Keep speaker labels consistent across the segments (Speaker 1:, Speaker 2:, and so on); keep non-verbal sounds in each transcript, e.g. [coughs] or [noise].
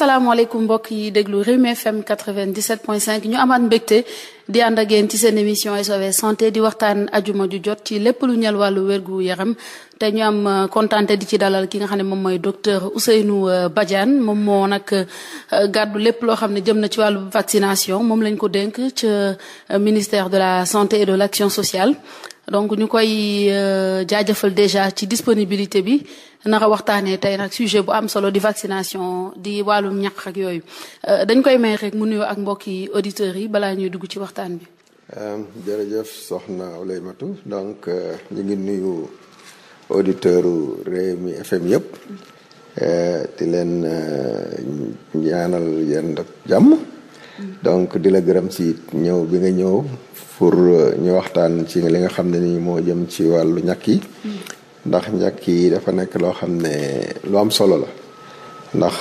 Speaker 1: asalaamaaleykum mbokk yi déglu Rewmi FM 97.5 ñu amaat mbégte di ànd ak yéen ci seen émission SOS santé di waxtaan ajuma ju jot ci lépp lu ñal wàllu wérgu yaram te ñu am euh, kontaante di ci dalal ki nga xam ne moom mooy docteur Ousseynou euh, Badiane moom moo nag euh, gàddu lépp loo xam ne jëm na ci wàllu vaccination moom lañ ko dénk ca ministère de la santé et de l'action sociale. donc ñu koy euh, jaajëfal déjà ci disponibilité bi naka waxtaanee tey nag sujet bu am solo di vaccination di wàllum ñaq ak yooyu euh, dañ koy may rek mu nuyoo ak mbokki auditeurs yi balaa ñuy dugg ci waxtaan bi.
Speaker 2: Euh, jërëjëf soxna Oleymatou donc ñu ngi nuyu auditeurs Rewmi FM yëpp. di leen ñaanal yenn jàmm. Mm. donc di la gërëm si ñëw bi nga ñëw. pour euh, ñu waxtaan ci li nga xam ne nii moo jëm ci wàllu ñàkk yi ndax ñàkk yi dafa nekk loo xam ne lu am solo la ndax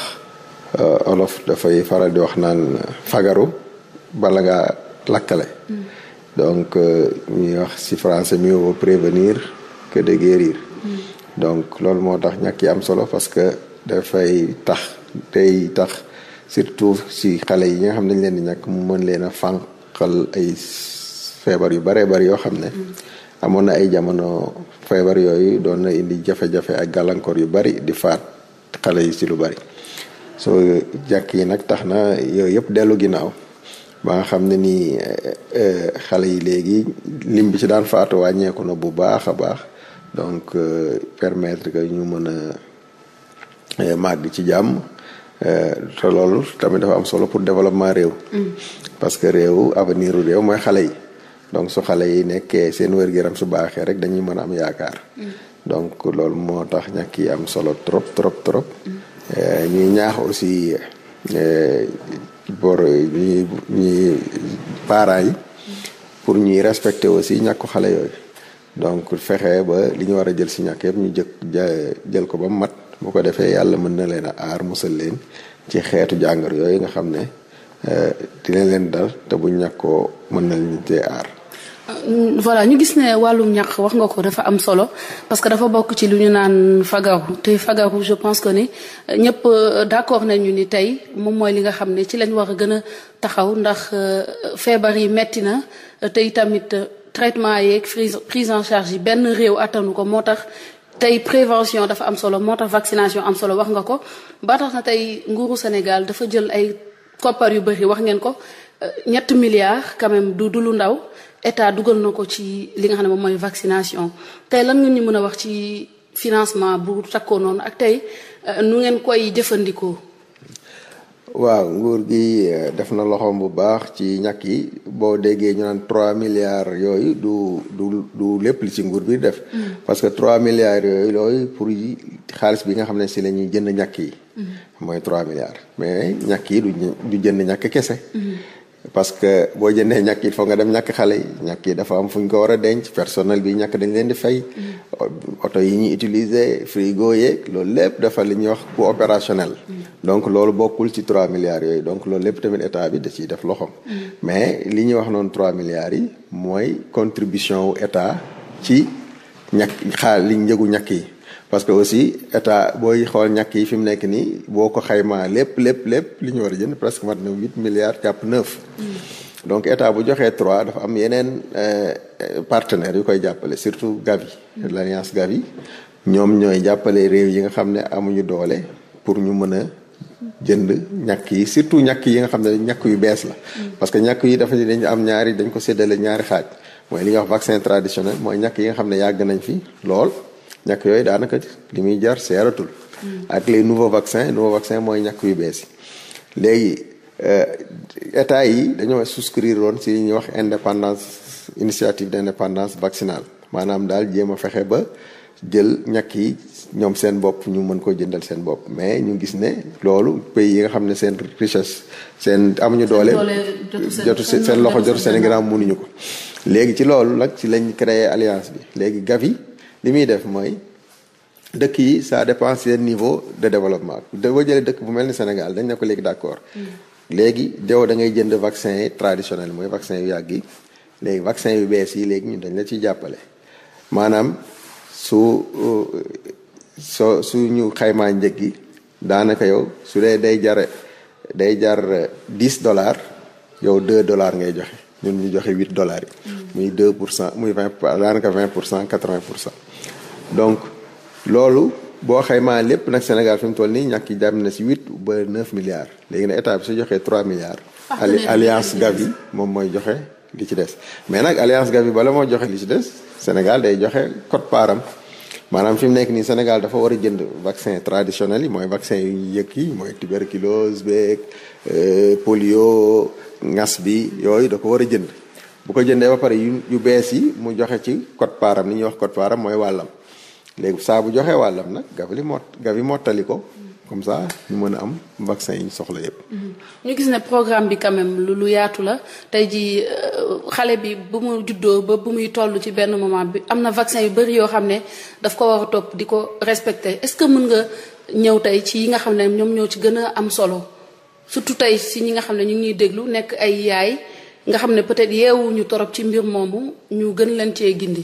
Speaker 2: euh, olof dafay faral di wax naan fagaru bala nga lakkale donc euh, ñuy wax ci français mieux vaut prévenir que de guérir donc loolu moo tax ñakk yi am solo parce que dafay tax day tax surtout ci xale yi nga xam ne dañ leen di ñàkk mu mën leen a fànqal ay feebar yu baree bari yoo xam ne amoon na ay jamono feebar yooyu doon na indi jafe-jafe ak gàllankoor yu bari di faat xale yi ci lu bari soo jàkk yi nag tax na yooyu yëpp dellu ginnaaw ba nga xam ne nii eh, eh, xale yi léegi lim bi ci daan faatu wàññeeku na bu baax a baax donc euh, permettre que ñu mën a eh, màgg ci jàmm te loolu tamit dafa am solo pour développement réew mm. parce que réew avenir u réew mooy xale yi donc su xale yi nekkee seen wér-gu-yaram su baaxee rek dañuy mën a am yaakaar mm. donc loolu moo tax ñàkk yi am solo trop trop trop eh, ñuy ñaax aussi eh, bor ñi parents yi pour ñuy respecter aussi ñàkku xale yooyu donc fexe ba li ñu war a jël si ñàkk yëpp ñu jëkk jël ko ba mu mat bu ko defee yàlla mën na leen a aar musal leen ci xeetu jàngar yooyu nga xam ne eh, dina leen dal te buñ ñàkkoo mën na leen cee aar
Speaker 1: Euh, voilà ñu gis ne wàllum ñàkk wax nga ko dafa am solo parce que dafa bokk ci lu ñu naan fagaru te fagaru je pense que ni euh, ñëpp euh, d'accord nañu ni tey moom mooy li nga xam ne ci lañ war a gën a taxaw ndax feebar yi metti na te tamit traitement yeeg prise en charge yi benn réew attanu ko moo tax tey prévention dafa am solo moo tax vaccination am solo wax nga ko ba tax na tey nguuru Sénégal dafa jël ay koppar yu bëri wax ngeen ko ñett milliards quand du lu ndaw. état dugal na ko ci li nga xam ne moom mooy vaccination tey lan nga ñu mën a wax ci financement bu takkoo noonu ak tey euh, nu ngeen koy jëfandikoo.
Speaker 2: waaw nguur gi euh, def na loxoom bu baax ci ñàkk yi boo déggee ñu naan trois milliards yooyu du du du lépp li ci nguur bi def. Mm. parce que trois milliards yooyu looyu pour yi xaalis bi nga xam ne si la ñuy jënd ñàkk yi. Mm. mooy trois milliards mais ñàkk yi du du jënd ñàkk kese. Mm. parce que boo jëndee ñàkk il foog nga dem ñàkk xale yi ñàkk yi dafa am fu ñu ko war a denc personnel bi ñàkk dañ leen di fay oto yi ñu utiliser frigo yeeg loolu lépp dafa li ñuy wax coût opérationnel donc loolu bokkul ci trois milliards yooyu donc loolu lépp tamit état bi da ciy def loxom mais li ñuy wax noonu trois milliards yi mooy contribution wu état ci ñàkk xaal li njëgu ñakk yi parce que aussi état booy xool ñàkk yi fi mu nekk nii boo ko xaymaa lépp lépp lépp li ñu war a jënd presque mat na huit milliards jàpp neuf. Mm. donc état bu joxee trois dafa am yeneen euh, partenaires yu koy jàppale surtout Gavi. Mm. l'alliance Gavi ñoom ñooy jàppale réew yi nga xam ne amuñu doole pour ñu mën a jënd ñàkk yi surtout ñàkk yi nga xam ne ñàkk yu bees la. Mm. parce que ñàkk yi dafa dañ am ñaari dañ ko séddale ñaari xaaj mooy li ñu wax vaccin traditionnel mooy ñàkk yi nga xam ne yàgg nañ fi lool. ñàkk yooyu daanaka li muy jar seeratul. Mm. ak les nouveau vaccins nouveaux vaccins mooy ñàkk yu bees yi. léegi euh, état yi dañoo souscrire woon si ñuy wax indépendance initiative d' indépendance vaccinale maanaam daal jéem a fexe ba jël ñàkk yi ñoom seen bopp ñu mën ko jëndal seen bopp mais ñu gis ne loolu pays yi nga xam ne seen richesse seen amuñu doole
Speaker 3: jotu seen loxo jotu seen i gramme
Speaker 2: mënuñu ko léegi ci loolu nag ci lañ créé alliance bi léegi Gavi li muy def mooy dëkk yi sa dépend seen niveau de développement boo jëlee dëkk bu mel ni Sénégal dañ ne ko léegi d'accord
Speaker 3: mm.
Speaker 2: léegi yow da ngay jënd vaccin yi traditionnel mooy vaccin yu yàgg yi léegi vaccin yu bees yi léegi ñun dañ la ciy jàppale maanaam su so su ñu xaymaa njëg gi daanaka yow su dee day jar day jar dix dollars yow deux dollars ngay joxe ñun ñu joxe huit dollars yi mm. muy deux pour cent muy vingt daanaka vingt pour cent quatre-vingt pour cent donc loolu boo xaymaa lépp nag Sénégal fi mu toll nii ñàkk yi dem na si huit ba neuf milliards léegi na état bi su joxee trois milliards. Ah, alliance Gavi moom mooy joxe li ci des. mais nag alliance Gavi bala moo joxe li ci des Sénégal day joxe cote paaram maanaam fi mu nekk nii Sénégal dafa war a jënd vaccin traditionnel yi mooy vaccin yu ñu yëkk yi mooy tuberculose beeg euh, polio ngas bi yooyu da ko war a jënd bu ko jëndee ba pare yu yu bees yi mu joxe ci cote paaram li ñuy wax cote paaram mooy wàllam. léegi saa joxe wàllam nag Gavi mot Gavi mottali ko. comme ça ñu mën a am vaccin yi ñu soxla yépp
Speaker 1: mhm. ñu gis ne programme bi quand lu lu yaatu la tey jii euh, xale bi bu mu juddoo ba bu muy toll ci benn moment bi am na vaccin yu bëri yoo xam ne daf ko war a topp di ko respecté est-ce que mun nga ñëw tey ci yi nga xam ne ñoom ñoo ci gën a am solo surtout tey si ñi nga xam ne ñu ngi ñuy déglu nekk ay yaay nga xam ne peut-être yeewuñu torop ci mbir moomu ñu gën leen cee gindi.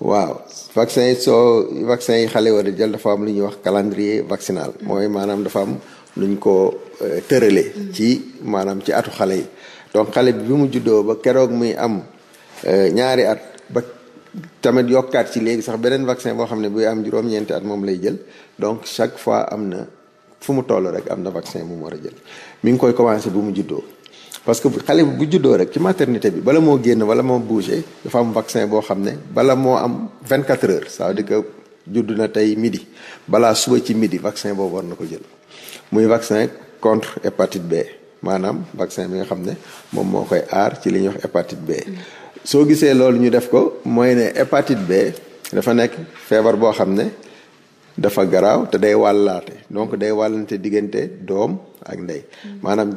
Speaker 2: waaw vaccin yi soo vaccin yi xale war a jël dafa am lu ñuy wax calendrier vaccinal mm. mooy maanaam dafa am lu ñu ko euh, tëralee mm. ci maanaam ci atu xale yi donc xale bi bi mu juddoo ba keroog muy am euh, ñaari at ba tamit yokkaat ci léegi sax beneen vaccin boo xam ne buy am juróom-ñeenti at moom lay jël donc chaque fois am na fu mu toll rek am na vaccin bu mu war a jël mi ngi koy commencé bu mu juddoo parce que xale bi bu juddoo rek ci maternité bi bala moo génn wala moo bougé dafa am vaccin boo xam ne bala moo am 24 heures ça veut dire que judd na tey midi balaa suba ci midi vaccin boobu war na ko jël muy vaccin contre hépatite B maanaam vaccin bi nga xam ne moom moo koy aar ci li ñuy wax hépatite B. soo gisee loolu ñu def ko mooy ne hépatite B dafa nekk feebar boo xam ne dafa garaaw te day wàllaate donc day wàllante diggante doom ak ndey maanaam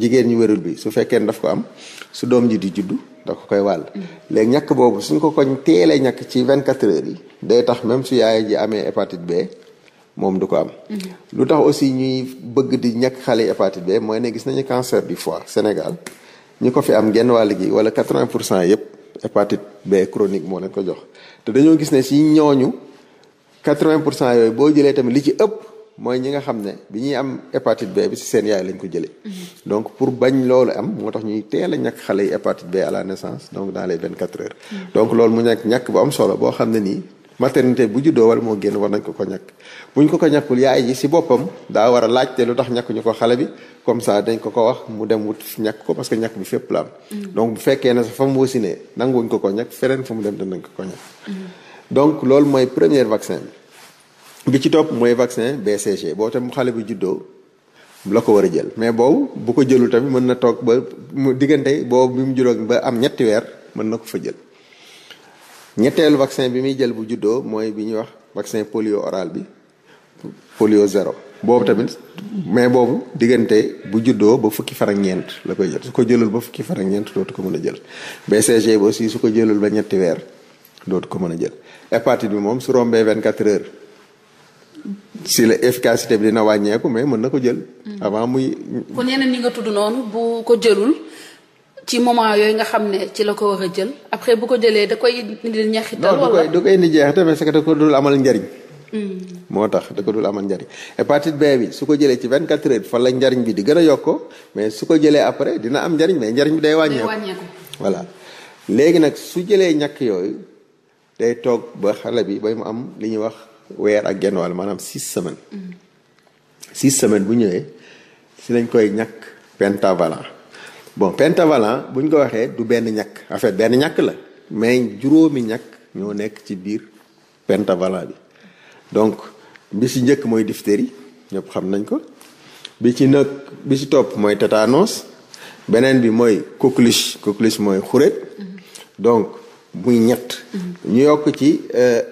Speaker 2: jigéen ñi wérul bi su fekkee ne daf ko am su doom ji di juddu da ko koy wàll. léegi ñàkk boobu suñ ko koñ teelee ñàkk ci vingt quatre heures yi day tax même su yaay ji amee hépatite B moom du ko am. Mm-hmm. lu tax aussi ñuy bëgg di ñàkk xale hépatite B mooy ne gis nañu cancer du fois Sénégal ñi ko fi am genn wàll gi wala quatre vingt pour cent yëpp hépatite B chronique moo leen ko jox te dañoo gis ne si ñooñu quatre vingt pour cent yooyu boo jëlee tamit li ci ëpp. mooy ñi nga xam ne bi ñuy am hépatite B bi ci seen yaay lañ ko jëlee. donc pour bañ loolu am moo tax ñuy teel a ñàkk xale yi hépatite B à la naissance donc dans les vingt quatre heures. Mm. donc loolu boo xam ne nii maternité bu juddoo moo génn war ko ko ñàkk. buñ ko ko ñàkkul yaay ji ci boppam daa war a laajte lu tax ñàkkuñu ko xale bi comme ça dañ ko ko wax mu dem wut ñàkk ko parce que ñàkk bi fépp la am. Mm. bu fekkee ne sax fa mu wasinee nanguwuñ ko ko ñàkk feneen fa mu dem danañ ko ko ñàkk. Mm. loolu mooy premier vaccin bi. bi ci topp mooy vaccin BCG boo tam xale bi juddoo la ko war a jël mais boobu bu ko jëlul tamit mën na toog ba mu diggante boobu bi mu juróog ba am ñetti weer mën na ko fa jël ñetteelu vaccin bi muy jël bu juddoo mooy bi ñuy wax vaccin polio oral bi polio zéro boobu tamit mais boobu diggante bu juddoo ba fukki fan ak ñeent la koy jël su ko jëlul ba fukki fan ak ñeent ko mën a jël BCG bi aussi su ko jëlul ba ñetti weer dootu ko mën a jël hépatite bi moom su rombee 24 heures si la efficacité bi dina wàññeeku mais mën na ko jël. Mm-hmm. avant muy.
Speaker 1: kon yeneen ñi nga tudd noonu bu ko jëlul ci moment yooyu nga xam ne ci la ko war a jël après bu ko jëlee da koy indi ñaxital. wala du koy du
Speaker 2: koy indi jeexital ko dul amal njariñ. Mm-hmm. moo tax da ko dul amal njariñ hépatite B bi su ko jëlee ci 24 heures fan la njariñ bi di gën a yokkoo mais su ko jëlee après dina am njariñ mais njariñ bi day wàññeeku. voilà léegi nag su jëlee ñàkk yooyu day toog ba xale bi mu am li ñuy wax. weer ak genn wàll maanaam six semaine six semaine bu ñëwee si lañ koy ñàkk pentavalent bon pentavalent bu ñu ko waxee du benn ñàkk en benn ñàkk la mais juróomi ñàkk ñoo nekk ci biir pentavalent bi donc bi si njëkk mooy diphtérie ñëpp xam nañ ko bi ci nag bi ci topp mooy tétanos beneen bi mooy coqueluche coqueluche mooy xuréet mhm. donc muy ñett mhm. ñu yokk ci. Euh,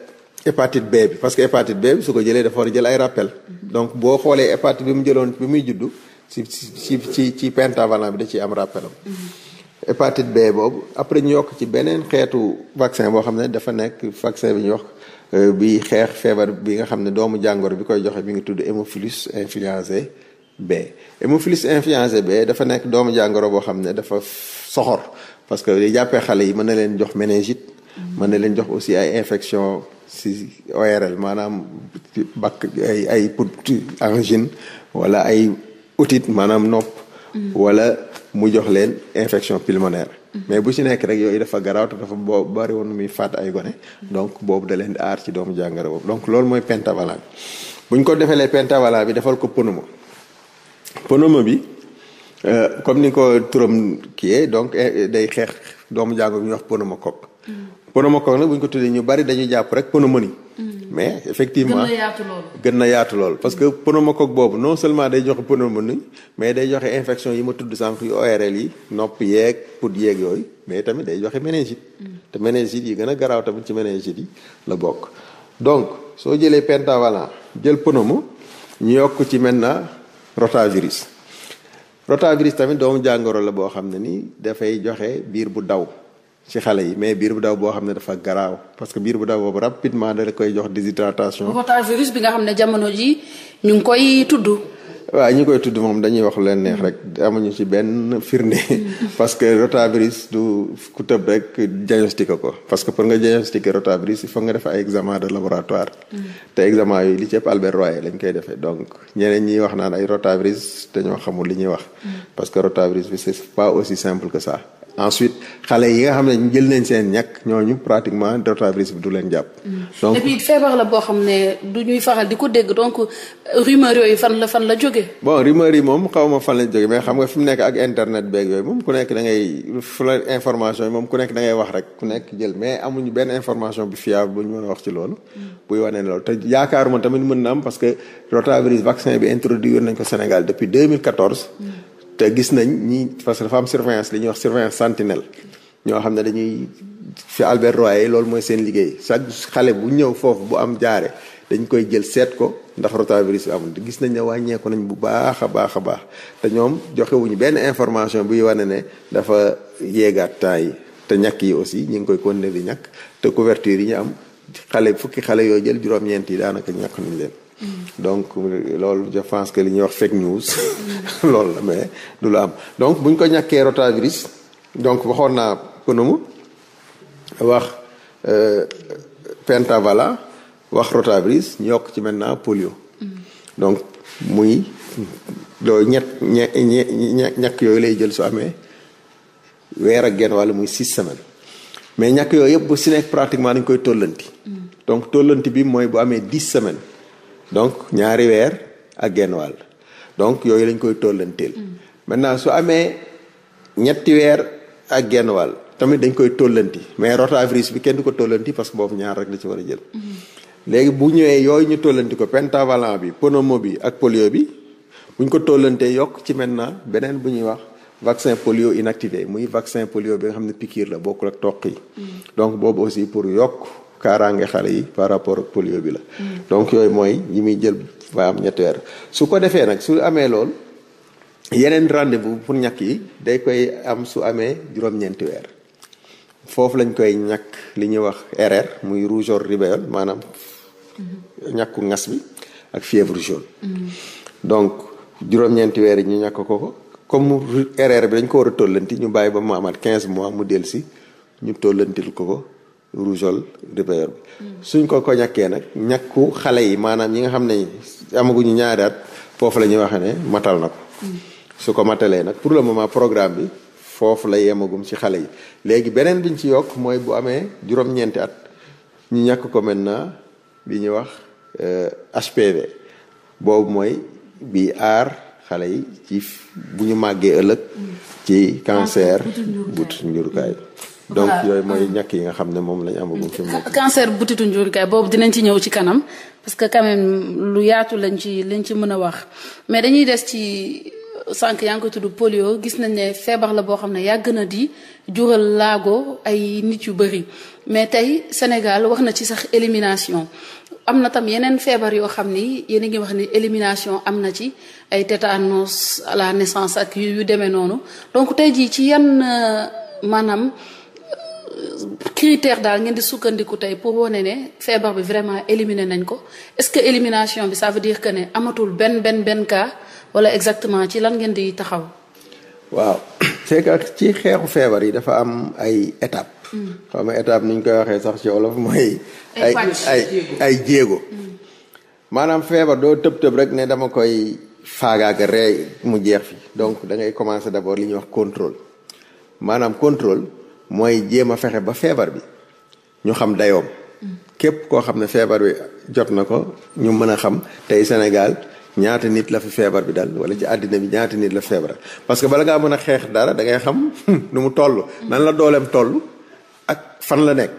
Speaker 2: hépatite B bi parce que hépatite B bi su ko jëlee dafa war a jël ay rappel donc boo xoolee hépatite bi mu jëloon bi muy juddu ci ci ci ci pentavalent bi da ciy am rappelam
Speaker 4: mm-hmm.
Speaker 2: hépatite B boobu après ñu yokk ci beneen xeetu vaccin boo xam ne dafa nekk vaccin bi ñu wax euh, bi xeex feebar bi nga xam ne doomu jàngoro bi koy joxee bi ngi tudd hémophilus influenzae B hémophilus influenzae B dafa nekk doomu jàngoro boo xam ne dafa soxor parce que li jàppee xale yi mën na leen jox méningite mm-hmm. mën na leen jox aussi ay infection si ORL maanaam bakk ay ay pour angine wala ay otite maanaam nopp mm-hmm. wala mu jox leen infection pulmonaire mm-hmm. mais bu si nekk rek yooyu dafa garaaw te dafa boo bari woon muy faat ay gone mm-hmm. donc boobu da leen di aar ci doomu jàngoro boobu donc loolu mooy pentavalent bi buñ ko defalee pentavalent bi defal ko pneumo pneumo bi euh, comme ni ko turam kiyee donc eh, eh, day xeex doomu jàngoro bi ñuy wax pneumocoque pneumocoque nag bu ñu ko tuddee ñu bari dañuy jàpp rek pneumonie. Mm. mais effectivement gën na yaatu lool. gën na yaatu parce que pneumocoque boobu non seulement day joxe pneumonie mais day joxe infection yi ma tudd sànq yu ORL yi nopp yeeg put yeeg yooyu mais tamit day joxe méningite. Mm. te méningite yi gën a garaaw tamit ci méningite yi la bokk. donc soo jëlee pentavalent jël pneumo ñu yokk ci maintenant rotavirus rotavirus tamit doomu jàngoro la boo xam ne ni dafay joxe biir bu daw. ci xale yi mais biir bu daw boo xam ne dafa garaaw parce que biir bu daw boobu rapidement da koy jox déshydratation.
Speaker 1: rotavirus bi nga xam ne jamono ji ñu ngi koy tudd.
Speaker 2: waa ñu koy tudd moom dañuy wax leen neex rek amuñu ci benn firnde [laughs] parce que rotavirus du ku tëb rek diagnostiqué ko parce que pour nga diagnostiqué rotavirus il faut nga def ay examen de laboratoire mm. te examen yooyu li ci ëpp Albert Royer lañ koy defee donc ñeneen wax ay rotavirus dañoo xamul li ñuy wax mm. parce que rotavirus bi c'est pas aussi simple que ça ensuite xale yi nga xam ne jël nañ seen ñàkk ñooñu pratiquement rotavirus bi du leen jàpp. Mm. donc
Speaker 1: feebar la boo xam ne du ñuy faral di ko dégg donc rumeur yooyu fan la fan la jógee.
Speaker 2: bon rumeur moom xaw ma fan la jógee mais xam nga fi mu nekk ak internet beeg yooyu moom ku nekk da ngay fu la information yi moom ku nekk da wax rek ku nekk jël mais amuñu benn information bu fiable bu ñu mën a wax ci loolu. Mm. buy wane loolu te yaakaaruma tamit mën na am te gis nañ ñi parce que dafa am surveillance li ñuy wax surveillance sentinelle ñoo xam ne dañuy fi Albert Royer loolu mooy seen liggéey chaque xale bu ñëw foofu bu am jaare dañ koy jël seet ko ndax rotavirus bi amul gis nañ ne wàññeeku nañ bu baax a baax a baax te ñoom joxewuñu benn information buy wane ne dafa yéegaat temps yi te ñàkk yi aussi ñu ngi koy continuer di ñàkk te couverture yi ñu am xale fukki xale yoo jël juróom-ñeent yi daanaka ñàkk nañ leen donc loolu je pense que li ñuy wax fake news. [laughs] loolu la mais du la am donc bu ñu ko ñàkkee rotavirus donc waxoon naa pneumo wax euh, pentavala wax rotavirus ñu yokk ci maintenant polio. Mm-hmm. donc muy loolu ñett ñe ñàkk yooyu lay jël su amee weer ak genn wàll muy six semaines mais ñàkk yooyu yëpp bu si nekk pratiquement dañ koy tollanti. Mm. donc tollanti bi mooy bu amee dix semaines. donc ñaari weer ak genn wàll donc yooyu lañ koy tollanteel. Mm. maintenant su amee ñetti weer ak genn wàll tamit dañ koy tollanti mais rotavirus bi kenn du ko tollanti parce que boobu ñaar rek la ci war a jël. Mm-hmm. léegi bu ñëwee yooyu ñu tollanti ko pentavalent bi pneumo bi ak polio bi bu ñu ko tollantee yokk ci maintenant beneen bu ñuy wax vaccin polio inactivé muy vaccin polio bi nga xam ne piqûre la bokkul ak toq yi. Mm. donc boobu aussi pour yokk. kaaraange xale yi par rapport ak polio bi la. donc yooyu mooy yi muy jël ba am ñetti weer su ko defee nag su amee lool yeneen rendez-vous pour ñakk yi day koy am su amee juróom-ñeenti weer foofu lañ koy ñàkk li ñuy wax RR muy rougeole rubéole maanaam ñàkku ngas bi ak fièvre jaune. donc juróom-ñeenti weer yi ñu ñàkk ko ko comme RR bi dañ ko war a tollanti ñu bàyyi ba mu amaat 15 mois mu dellu si ñu tollantil ko ko. rougeole rubéole bi suñ ko ko ñàkkee nag ñàkku xale yi maanaam ñi nga xam ne amaguñu ñaari at foofu la ñuy waxee ne matal na ko su ko matalee nag pour le moment programme bi foofu la yemagum ci xale yi léegi beneen biñ ci yokk mooy bu amee juróom-ñeenti at ñu ñàkk ko maintenant bi ñuy wax HPV euh, boobu mooy bi aar xale yi ci bu ñu màggee ëllëg mm. ci cancer ah, butu njurukaay
Speaker 1: donc yooyu mooy
Speaker 2: ñàkk yi nga xam ne moom lañ amagum fi mu nekk.
Speaker 1: cancer butitu njurukaay parce que quand lu yaatu lañ ci lañ ci mën a wax mais dañuy des ci sànq yaa ngi ko tudd gis nañ ne feebar la boo xam ne yàgg na di jural laago ay nit yu bëri mais tey Sénégal wax na ci sax élimination. am na tam yeneen feebar yoo xam ni yéen a ngi wax ni élimination am na ci ay tétanos à la naissance ak yu demee noonu donc tey jii ci yan euh, maanaam critère daal ngeen di sukkandiku tey pour wane ne feebar bi vraiment éliminer nañ ko est-ce que élimination bi savet dire que ne amatul benn benn benn ka wala exactement ci lan ngeen di taxaw.
Speaker 2: waaw [coughs] c'est que ci xeexu feebar yi dafa am ay hmm. étape xam nga koy waxee sax ci wolof mooy. ay ay ay jéego. Hmm. maanaam feebar doo tëb tëb rek ne dama koy faagaaga ree mu jeex fi donc da ngay commencer d'abord li ñuy wax contrôle maanaam contrôle. mooy jéem a fexe ba feebar bi ñu xam dayoom. képp koo xam ne feebar bi jot na ko ñu mën a xam tey Sénégal ñaata nit la fi feebar bi dal wala ci àddina bi ñaata nit la fi feebar parce que bala ngaa mën a xeex dara da ngay xam [laughs] nu mu toll. nan la dooleem toll ak fan la nekk.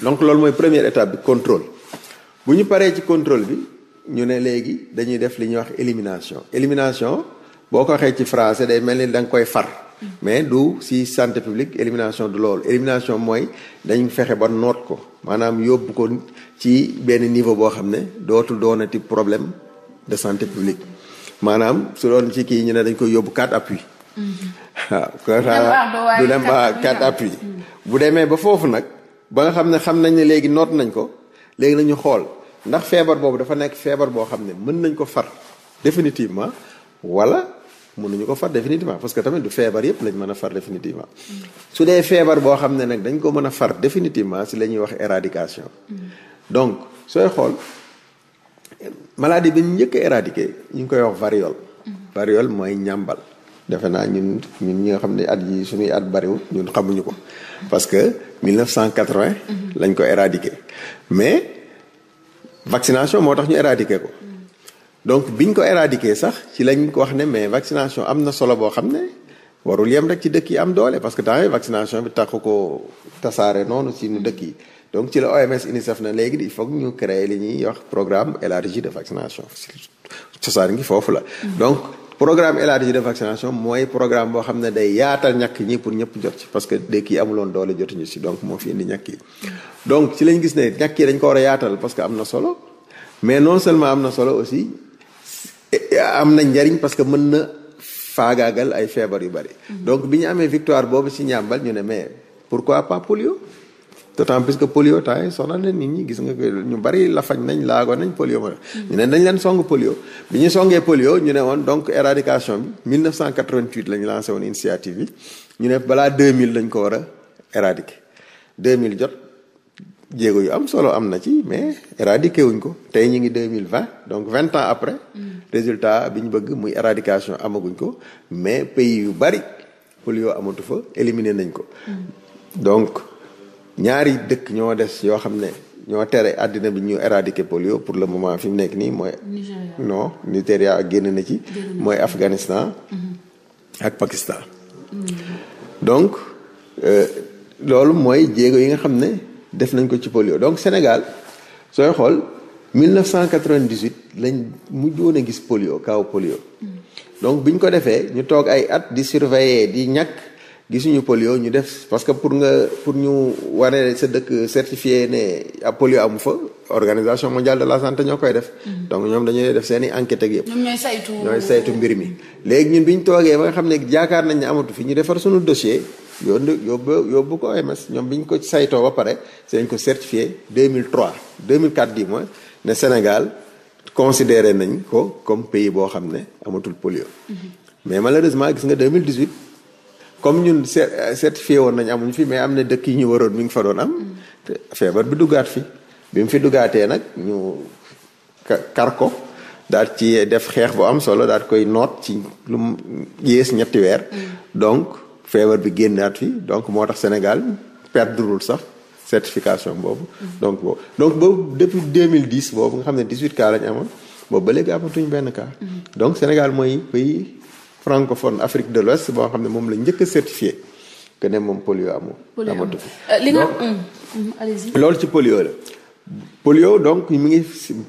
Speaker 2: donc loolu mooy première étape bi contrôle bu ñu paree ci contrôle bi ñu ne léegi dañuy def li ñuy wax élimination élimination boo ko waxee ci français day mel ni danga koy far. mais du si santé publique élimination du loolu élimination mooy dañ fexe ba noot ko maanaam yóbbu ko ci benn niveau boo xam ne dootul doonati problème de santé publique maanaam su doon ci kii ñu ne dañ koy yóbbu quatre appuis
Speaker 3: waaw
Speaker 2: mm-hmm. ah, du dem ba quatre appuis bu demee ba foofu nag ba nga xam ne xam nañ ne léegi noot nañ ko léegi nañu xool ndax feebar boobu dafa nekk feebar boo xam ne mën nañ ko far définitivement walla mënuñu ko far définitivement parce que tamit du feebar yëpp lañ mën a far définitivement su dee feebar boo xam ne nag dañ ko mën a far définitivement si la ñuy wax éradication donc sooy xool maladie bi ñu njëkk a éradiqué ñu ngi koy wax variole variole mooy ñàmbal defe naa ñu ñun ñi nga xam ne at yi suñuy at bariwul ñun xamuñu ko parce que 1980 mhm. lañ ko éradiqué mais vaccination moo tax ñu éradiqué ko donc biñ ko éradiquer sax ci lañ ko wax ne mais vaccination am na solo boo xam ne warul yem rek ci dëkk yi am doole parce que temps vaccination bi taxu ko tasaare noonu ci dëkk yi donc ci la OMS UNICEF na léegi il faut ñu créer li ñuy wax programme élargi de vaccination cosaan ngi foofu la donc programme élargi de vaccination mooy programme boo xam ne day yaatal ñakk ñi pour ñëpp jot ci parce que dëkk yi amuloon doole jotuñu ci donc moo fi indi ñàkk yi donc ci lañ gis ne ñàkk dañ ko war a yaatal parce que am na solo mais non seulement am na solo aussi am na njariñ parce que mën na faagaagal ay feebar yu bari. Mhm. donc bi ñu amee victoire boobu ci ñàmbal ñu ne mais pourquoi pas polio. d'autant plus que polio temps yi sonal na nit ñi gis nga ko ñu bari la fañ nañ laago nañ polio ma mhm. ñu ne nañ leen song polio bi ñu songee polio ñu ne woon donc éradication bi 1988 la ñu lancé woon initiative bi ñu ne balaa 2000 lañ ko war a éradiquer mille jot jéego yu am solo am na ci mais éradiquer wuñ ko tey ñu ngi 2020 donc 20 ans après. Mhm. résultat bi ñu bëgg muy éradication amaguñ ko mais pays yu bari polio amatu fa éliminer nañ ko. Mm. donc ñaari dëkk ñoo des yoo xam ne ñoo tere àddina bi ñu éradiquer polio pour le moment fi mu nekk nii mooy. Nigéria non Nigéria génn na ci. mooy Afghanistan. Mm-hmm. ak Pakistan.
Speaker 3: Mm-hmm.
Speaker 2: donc euh, loolu mooy jéego yi nga xam ne def nañ ko ci polio donc Sénégal sooy xool. 1998 lañ mujjoon a gis polio kaw polio. donc bi ñu ko defee ñu toog ay at di surveiller di ñàkk gisuñu polio ñu def parce que pour nga pour ñu wane sa dëkk certifié ne a polio amu fa organisation mondiale de la santé ñoo koy def. Mm-hmm. donc ñoom dañuy def seen i enquête yëpp. ñoom ñooy saytu ñooy mbir mi. léegi ñun bi ñu toogee ba nga xam ne jaakaar nañ ne amatu fi ñu defar suñu dossier. yóbbu yóbbu yóbbu ko OMS ñoom bi ñu ko saytoo ba pare seen ko certifié 2003 2004 di moins. ne Sénégal considere nañ ko comme pays boo xam ne amatul polio. mais malheureusement gis nga 2018 comme ñun certifié woon nañ amuñ fi mais am ne dëkk yi ñu waroon mi ngi fa doon am. feebar bi duggaat fi bi mu fi duggaatee nag ñu kar ko daal ci def xeex bu am solo daal koy noot ci lu yées ñetti weer. Mm. donc feebar bi génnaat fi donc moo tax Sénégal perdrewul sax. certification boobu. donc boobu donc boobu depuis 2010 boobu nga xam ne 18 cas lañ amoon boobu ba léegi amatuñ benn cas. Mhm. donc Sénégal mooy pays francophone Afrique de l'Ouest boo xam ne moom lañ njëkk a certifié moom polio amul. polio amatu
Speaker 1: euh, mhm. mhm,
Speaker 2: loolu ci polio la. polio donc mi ngi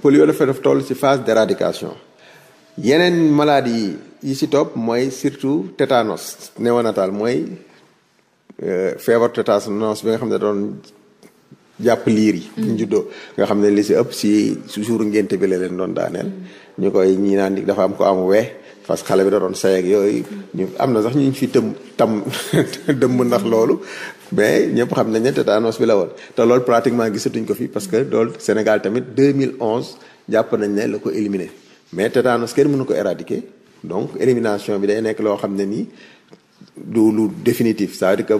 Speaker 2: polio dafa def toll ci phase d'éradication yeneen maladies yi ci topp mooy surtout tétanos néonatal mooy euh, feebar tétanos bi nga xam ne doon jàpp liir yi. ñu nga xam ne lii si ëpp si toujours ngénte bi la leen doon daaneel. ñu koy ñii naan di dafa am ko am wee parce que xale bi da doon say yooyu. ñu am na sax ñu fi tëm tam [laughs] dëmb ndax loolu. mais ñëpp xam nañ ne tétanos bi la woon te loolu pratiquement gisatuñ ko fi parce que loolu Sénégal tamit 2011 jàpp nañ ne la ko éliminer mais tétanos kenn mënu ko éradiquer donc élimination bi day nekk loo xam ne nii. du lu définitif c'est-à-dire que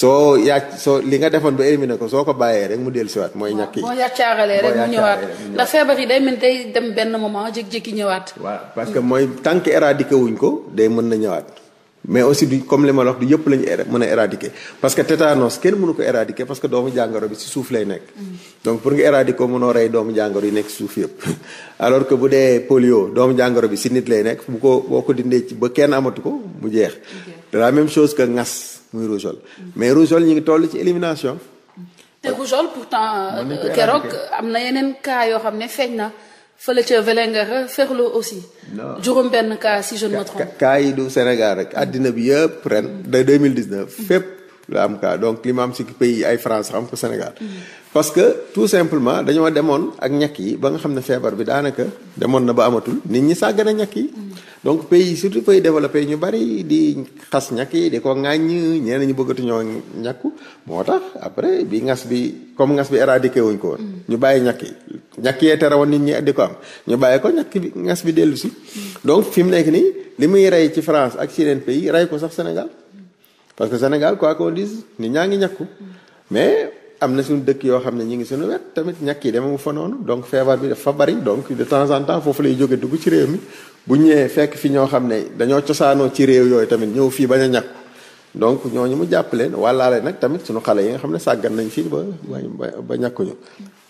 Speaker 2: soo yàcc soo li nga defoon ba éliminer ko soo ko bàyyee rek mu dellu siwaat mooy ñàkk yi. boo
Speaker 1: yàccaaxalee rek mu ñëwaat ndax feebar yi day mel tey dem benn moment jékki-jékki ñëwaat.
Speaker 2: waaw parce que mooy tànk que éradiqué wuñ ko day mën na ñëwaat. mais aussi du comme li ma la du yëpp la ñu mën a éradiquer parce que tétanos kenn mënu ko éradiquer parce que doomu jàngoro bi ci suuf lay nekk. Mm. donc pour nga éradiquer ko mënoo rey doomu jàngoro [laughs] que bu dee polio doomu jàngoro bi si nit lay nekk bu ko boo ko dindee ci ba kenn amatu ko mu jeex. de la même chose que ngas muy rougeole. Mm. mais rougeole ñu ngi toll ci élimination. Mm.
Speaker 1: te rougeole pourtant euh, keroog am na yeneen cas yoo xam ne feeñ na. fële ca Vélingara Ferlo aussi. non juróom-benn cas si je ne me trompe.
Speaker 2: yi du Sénégal rek àddina bi yëpp ren. de deux mille 2019 fépp la am cas donc li ma am si pays ay France xam ko Sénégal. Mm-hmm. parce que tout simplement dañoo demoon ak ñàkk yi ba nga xam ne feebar bi daanaka demoon na ba amatul nit ñi sàggane ñàkk yi donc pays surtout pays développé ñu bari di xas ñàkk yi di ko ŋàññ ñeneen ñu bëggatuñoo ñàkku moo tax après bi ngas bi comme ngas bi éradiqué wuñ ko woon ñu bàyyi ñàkk yi ñàkk yee tere woon nit ñi di ko am ñu bàyyi ko ñàkk bi ngas bi dellu si donc fi mu nekk nii li muy rey ci France ak ci yeneen pays rey ko sax Sénégal parce que Sénégal quoi qu'on nit ñaa ngi ñakku mais am na suñu dëkk yoo xam ne ñu ngi suñu wet tamit ñàkk yi demamu fa noonu donc feebar bi dafa bari donc de temps en temps foofu lay jóge dugg ci réew mi bu ñëwee fekk fi ñoo xam ne dañoo cosaanoo ci réew yooyu tamit ñëw fii bañ a ñàkku donc ñooñu mu jàpp leen wàllaale nag tamit suñu xale yi nga xam ne sàggan nañ fii ba ba ñu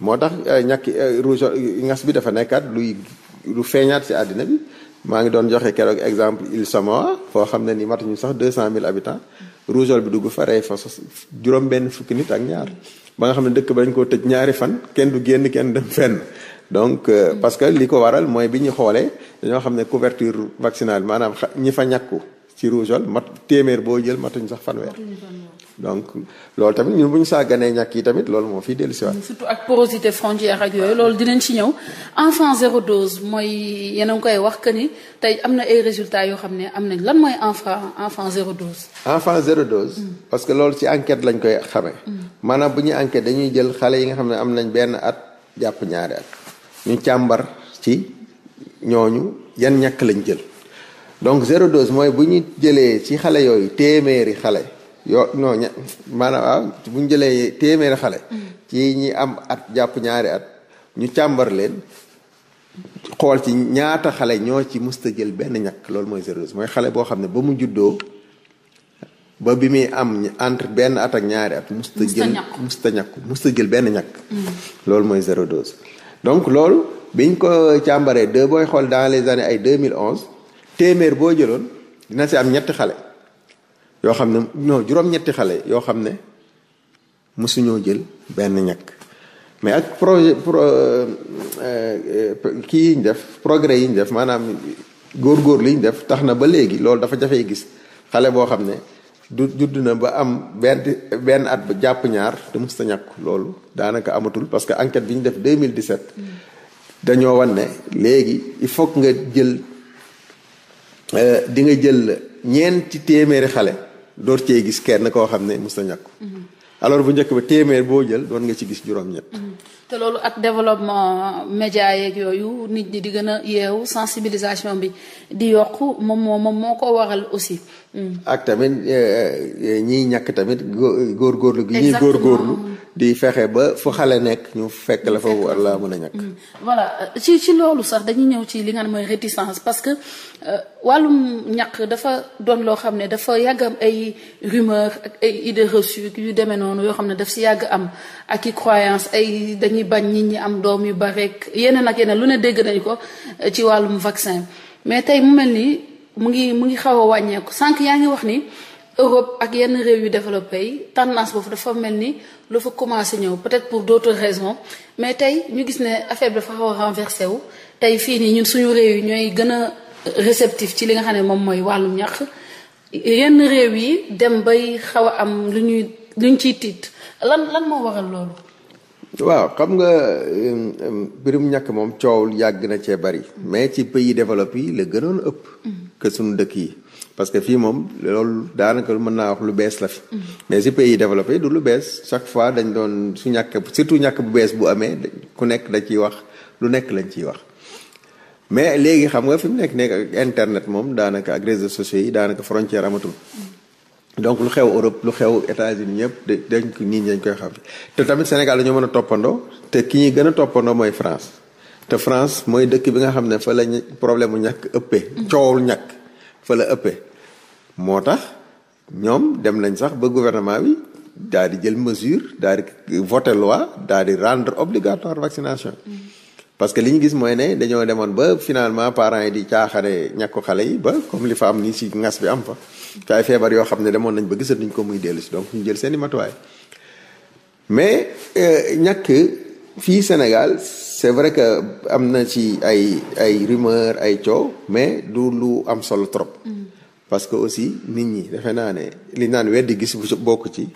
Speaker 2: moo tax euh, ñàkki euh, rouge euh, ngas bi dafa nekkaat luy lu feeñaat si àddina bi maa ngi doon joxe keroog exemple Île Samoa foo xam ne ni matuñu sax deux cent mille habitants rougeole bi dugg fa rey fa juróom benn fukki nit ak ñaar ba nga xam ne dëkk ba dañ koo tëj ñaari fan kenn du génn kenn dem fen donc euh, parce que li ko waral mooy bi ñu xoolee dañoo xam ne couverture vaccinale maanaam ñi fa ñàkku ci rougeole mat téeméer boo jël matuñ sax fanweer donc loolu tamit ñu bu ñu sàgganee ñàkk yi tamit loolu moo fiy dellu si waat. surtout
Speaker 1: ak porosité frontière ak yooyu loolu dinañ ci ñëw enfant zéro dose mooy yéen a ngi koy wax que ni tey am na ay résultats yoo xam ne am nañ lan mooy enfant enfant zéro dose.
Speaker 2: enfant zéro dose. Mm. parce que loolu ci enquête lañ koy xamee. Mm. maanaam bu ñuy enquête dañuy jël xale yi nga xam ne am nañ benn at jàpp ñaari at ñu càmbar ci ñooñu yan ñàkk lañ jël donc zéro dose mooy bu ñu jëlee ci xale yooyu téeméeri xale. yoo non ña maanaam waaw bu ñu jëlee téeméeri xale. ci ñi am at jàpp ñaari at ñu càmbar leen xool ci ñaata xale ñoo ci musta jël benn ñàkk loolu mooy zérosis mooy xale boo xam ne ba mu juddoo ba bi muy am entre benn at ak ñaari at. musta jël musta ñàkk musta jël benn ñàkk. Mm. loolu mooy zérodose donc loolu biñ ko càmbaree deux booy xool dans les années ay 2011 téeméer boo jëloon dina si am ñetti xale. yoo xam ne non juróom-ñetti xale yoo xam ne mësuñoo jël benn ñàkk mais ak projet pro euh, euh, kii yi ñu def progrès yi ñu def maanaam góor-góor li ñu def tax na ba léegi loolu dafa jafee gis xale boo xam ne du judd na ba am benn benn at ba jàpp ñaar te mësta ñàkk loolu daanaka amatul parce que enquête bi ñu def 2017 dañoo wan léegi il faut nga jël euh, di nga jël ñeenti téeméeri xale door cee gis kenn koo xam ne mos na ñàkk. Mm-hmm. alors bu njëkk ba téeméer boo jël doon nga ci gis juróom-ñett.
Speaker 1: Mm-hmm. te loolu ak développement média yeeg yooyu nit ñi di gën a yeewu sensibilisation bi di yokk moom moom moo ko waxal aussi. Mm.
Speaker 2: ak tamit eh, eh, ñiy ñàkk tamit góor góorlu gi góor góorgóorlu. di fexe ba fu xale nekk ñu fekk la fa war laa mën a ñàkk. Mm.
Speaker 1: voilà euh, ci ci loolu sax dañuy ñëw ci li nga ne mooy réticence parce que euh, wàllum ñàkk dafa doon loo xam ne dafa yàgg am ay rumeur ak ay idées yu demee noonu yoo xam ne daf si yàgg am ak i croyance ay dañuy bañ nit ñi am doom yu bari rek yeneen ak yeneen lu ne dégg nañ ko euh, ci wàllum vaccin mais tey mu mel ni mu ngi mu ngi xaw a wàññeeku sànq yaa ngi wax ni. Europe ak yenn réew yu développe yi tendance boobu dafa mel ni lu fa commencé ñëw peut-être pour d'autres raisons mais tey ñu gis ne affaire bi dafa xaw a renversé tey fii nii ñun suñu réew yi ñooy gën a réceptif ci li nga xam ne moom mooy wàllu ñax yenn réew yi dem bay xaw a am lu ñuy lu ñu ciy tiit lan lan moo waral loolu.
Speaker 2: waaw xam nga euh, euh, mbirum ñàkk moom coowul yàgg na cee bari mm-hmm. mais ci pays développé yi la gënoon ëpp. Mm-hmm. que dëkk yi. parce que fii moom loolu daanaka mën naa wax lu bees la fi. mais si pays développé du lu bees chaque fois dañ doon su ñàkk surtout ñàkk bu bees bu amee ku nekk dañ ciy wax lu nekk lañ ciy wax. mais léegi xam nga fi mu nekk nekk ak internet moom daanaka ak réseaux sociaux yi daanaka frontière amatul. donc lu xew Europe lu xew États-Unis ñëpp dañ ko dañ koy xam te tamit Sénégal dañoo mën a toppandoo te ki ñuy gën a toppandoo mooy France te France mooy dëkk bi nga xam ne fa la problème mu ñàkk ëppee mm. coowul ñàkk. fa la ëpp moo tax ñoom dem nañ sax ba gouvernement bi daal di jël mesure daal di voter loi daal di rendre obligatoire vaccination. parce que li ñu gis mooy ne dañoo demoon ba finalement parent yi di caaxare ñàkku xale yi ba comme li fa am nii si ngas bi am fa. te ay feebar yoo xam ne demoon nañ ba gisatuñ ko muy dellu si donc ñu jël seeni i matuwaay mais euh, ñàkk. fii Sénégal c'est vrai que am na ci ay ay rumeur ay coow mais du lu am solo trop. Mm. parce que aussi nit ñi defe naa ne li naan weddi gis bu bokk ci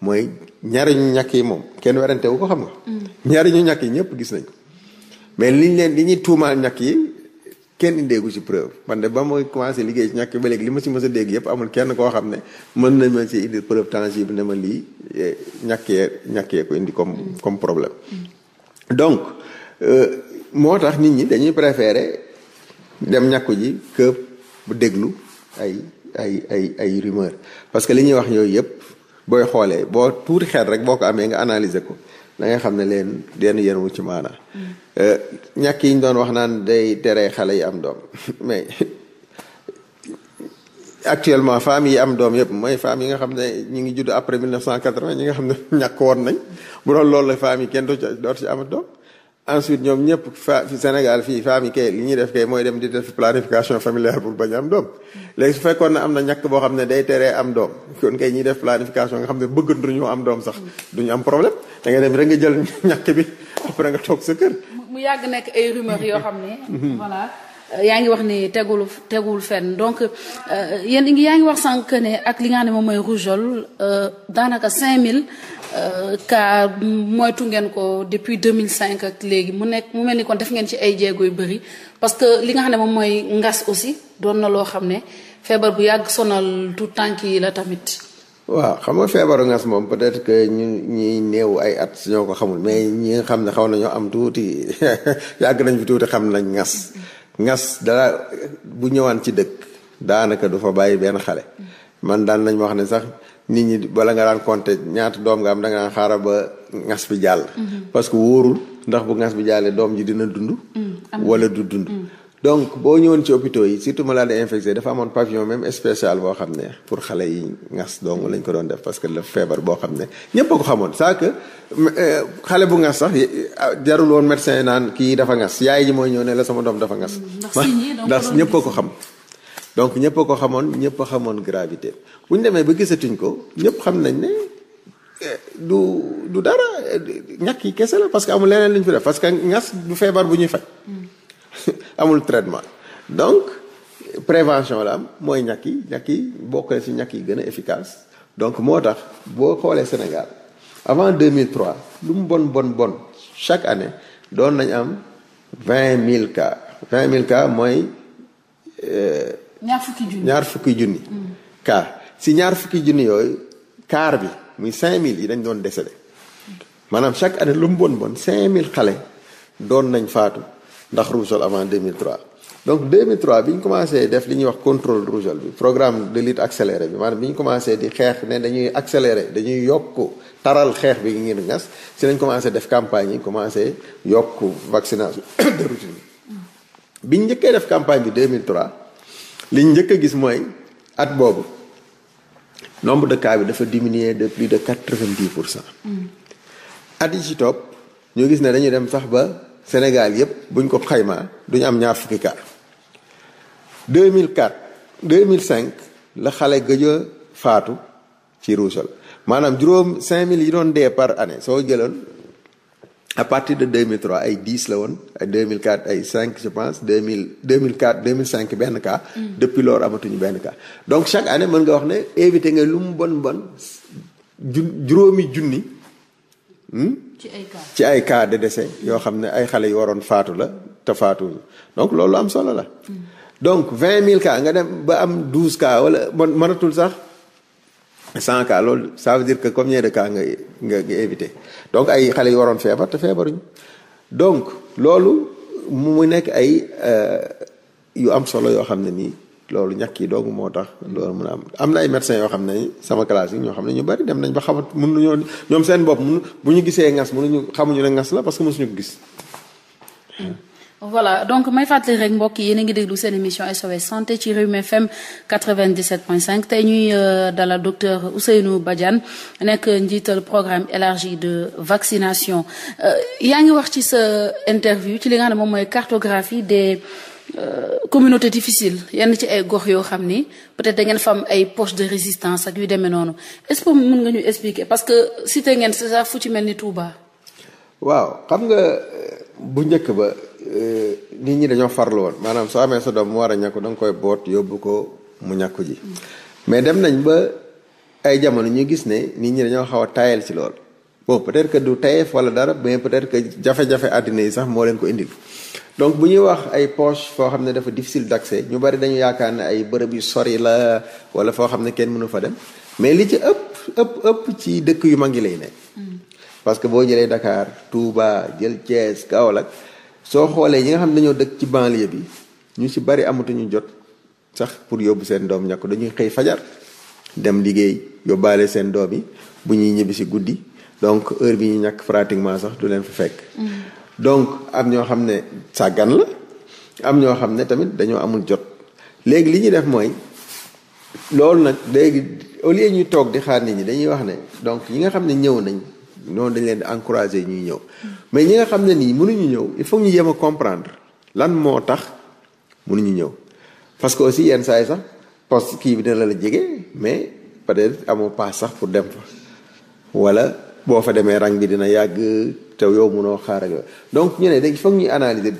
Speaker 2: mooy ñaari ñu ñàkk yi moom kenn werante wu ko xam nga. Mm. ñaari ñu ñàkk yi ñëpp gis nañ ko mais liñ leen li ñuy tuumaal ñàkk yi kenn indéegu ci preuve man de ba mooy commencé liggéey ci ñàkk ba léegi li ma si mës a dégg yëpp amul kenn koo xam ne mën nañ ma si indi preuve tangible ne ma lii eh, ñàkkee ñàkkee ko indi comme mm. comme problème. donc euh, moo tax nit ñi dañuy préférer dem ñàkku ji que déglu ay ay ay ay rumeur parce que li ñuy wax yooyu yëpp booy xoolee boo tuuti xel rek boo ko amee nga analyser ko da xam ne leen den yéen wu ci maanaa mm. euh, ñàkk yi ñu doon wax naan day tere xale yi am doom [laughs] mais actuellement femmes yi am doom yëpp mooy femmes yi nga xam ne ñu ngi judd après 1980 ñi nga xam ne ñàkk woon nañ bu doon loolu la femmes yi kenn doo ci amat doom ensuite ñoom ñëpp fa Sénégal fii femmes yi kay li def kay mooy dem di def planification familiale pour bañ am doom léegi su fekkoon ne am na ñàkk boo xam ne day teree am doom kon kay ñuy def planification nga xam ne bëgganduñu am doom sax duñu am problème da nga dem rek nga jël [laughs] ñàkk bi après nga toog sa kër.
Speaker 1: mu yàgg nekk ay rumeur yoo xam ne. [laughs] Mhm. yaa ngi wax ni tegul tegul fen donc euh, yéen ngi yaa ngi wax sànq ne ak li nga xam ne moom mooy rougeole euh, daanaka 5000 euh, cas moytu ngeen ko depuis 2005 ak léegi mu nekk mu mel ni kon def ngeen ci ay jéego yu bëri parce que li nga xam ne moom mooy ngas aussi doon na loo xam ne feebar bu yàgg sonal tout tànk yi la tamit.
Speaker 2: waaw xam nga feebaru ngas moom peut-être que ñu ñuy néew ay at ñoo ko xamul mais ñi nga xam ne xaw nañoo am tuuti [laughs] yàgg nañ fi tuuti xam nañ ngas. ngas dara bu ñëwaan ci dëkk daanaka du fa bàyyi benn xale man daan nañ wax ne sax nit ñi bala nga daan compter ñaata doom nga am da nga daan xaaral ba ngas bi jàll. Mm-hmm. parce que wóorul ndax bu ngas bi jàllee doom ji dina dund. Mm-hmm. wala du dund. Mm-hmm. donc boo ñëwoon ci hôpitaux yi surtout malade infectieux dafa amoon pavillon même spécial boo xam ne pour xale yi ngas dong lañ ko doon def parce que la feebar boo xam ne ñëpp ko xamoon saa que euh, xale bu ngas sax jarul woon médecin naan kii dafa ngas yaay ji mooy ñëw ne la sama doom dafa ngas. Mm, ndax ñëpp a ko xam. donc ñëpp a ko xamoon ñëpp a xamoon gravité bu ñu demee ba gisatuñ ko ñëpp xam nañ ne euh, du du dara euh, ñàkk yi kese la parce que amul leneen lu ñu fi def parce que ngas du feebar bu ñuy faj. Mm. [laughs] amul traitement donc prévention la am mooy ñàkk ñakki ñàkk yi bokk na ñàkk yi gën a efficace donc moo tax boo xoolee Sénégal avant 2003 lu mu bon bon bon chaque année doon nañ am vingt mille cas vingt mille cas mooy. Euh,
Speaker 1: ñaar fukki junni ñaar fukki junni. Mm.
Speaker 2: cas si ñaar fukki junni yooyu quart bi muy cinq mille yi dañ doon décédé mm. maanaam chaque année lu mu bon bon cinq mille xale doon nañ faatu. ndax rougeole avant 2003 donc 2003 bi ñu commencé def li ñu wax contrôle rougeole bi programme de lutte accéléré bi maanaam bi ñu commencé di xeex ne dañuy accéléré dañuy yokk taral xeex bi ngir ngas si lañ commencé def campagne yi yokk vaccination [coughs] de routine bi ñu njëkkee def campagne bi 2003 li njëkk a gis mooy at boobu nombre de bi dafa diminuer de plus de 90 pour cent mm. at yi ci topp ñu ne dañuy dem sax ba Sénégal yëpp ñu ko xaymaa duñu am ñaar fukki cas 2004 2005 la xale gëj a faatu ci rougeole maanaam juróom 5000 yi doon dee par année soo jëloon a partir de deux 2003 ay 10 la woon ay 2004 ay deux je pense 2000 2004 cinq benn cas. Mm. depuis loolu amatuñu benn cas. donc chaque année mën nga wax ne éviter nga lu mu bon bon ju juróomi junni. Hmm?
Speaker 4: ci
Speaker 2: ay cas de décès yoo xam ne ay xale yu waroon faatu la te faatuñu donc loolu am solo la mm. donc vingt mille cas nga dem ba am douze cas wala man mënatul sax cent cas loolu ça veut dire que combien de cas nga nga nga éviter donc ay xale yu waroon feebar te feebaruñu donc loolu mu nekk ay euh, yu am solo yoo xam ne nii loolu ñàkk yi doog moo tax loolu mun a am na ay médecins yoo xam ne sama classe yi ñoo xam ne ñu bari dem nañ ba xamat mënuñoo ñoom seen bopp mënu bu ñu gisee ngas mënuñu xamuñu ne ngas la parce que mësuñu ko gis.
Speaker 1: donc may fàttali rek mbokk yi yéen a ngi déglu seen émission SOS santé ci Rewmi FM 97.5 tey ñuy euh, dalal docteur Ousseynou Badiane nekk njiital programme élargi de vaccination euh, yaa ngi wax ci sa interview ci li nga xam ne moom mooy cartographie des. Euh, communauté difficile yenn ci ay gox yoo xam ni peut-être da ngeen fa ay poche de résistance ak yu demee noonu est-ce que mën nga que cité ngeen c'est ça fu ci mel ni Touba.
Speaker 2: waaw xam nga euh, bu njëkk ba euh, nit ñi dañoo farlu woon maanaam soo amee sa doom mu war a ñàkku da nga koy boot yóbbu ko mu ñàkku ji mais dem nañ ba ay jamono ñu gis ne nit ñi dañoo xaw a tayal ci loolu bon peut-être que du tayeef wala dara mais peut-être que jafe-jafe àddina yi sax moo leen ko indil. donc bu ñuy wax ay poche foo xam ne dafa difficile d'accès ñu bari dañu yaakaar ne ay bërëb yu sori la wala foo xam ne kenn mënu fa dem mais li ci ëpp ëpp ëpp ci dëkk yu mag ngi lay nekk mm. parce que boo jëlee Dakar Touba jël Thiès Kaolack soo xoolee yi nga xam ne dañoo dëkk ci banlieue bi ñu si bari amatuñu jot sax pour yóbbu seen doom ñàkk dañuy xëy fajar dem liggéey yóbbaale seen doom yi bu ñuy ñibbi ci guddi donc heure bi ñu ñàkk pratiquement sax du leen fa fekk. Mm. donc am ñoo xam ne sàggan la am ñoo xam ne tamit dañoo amul jot léegi li ñuy def mooy loolu nag léegi au lieu ñuy toog di xaar nit ñi dañuy wax ne donc ñi nga xam ne ñëw nañ noonu dañ leen di encourager ñuy ñëw mais ñi nga xam ne nii mënuñu ñëw il faut ñu yem a comprendre lan moo tax mënuñu ñëw parce que aussi yenn saa yi sax poste kii bi dina la la jege mais peut-être amoo paas sax pour dem fa wala boo fa demee rang bi dina yàgg te yow mënoo xaar ak donc ñu ne dañ foog ñuy analyser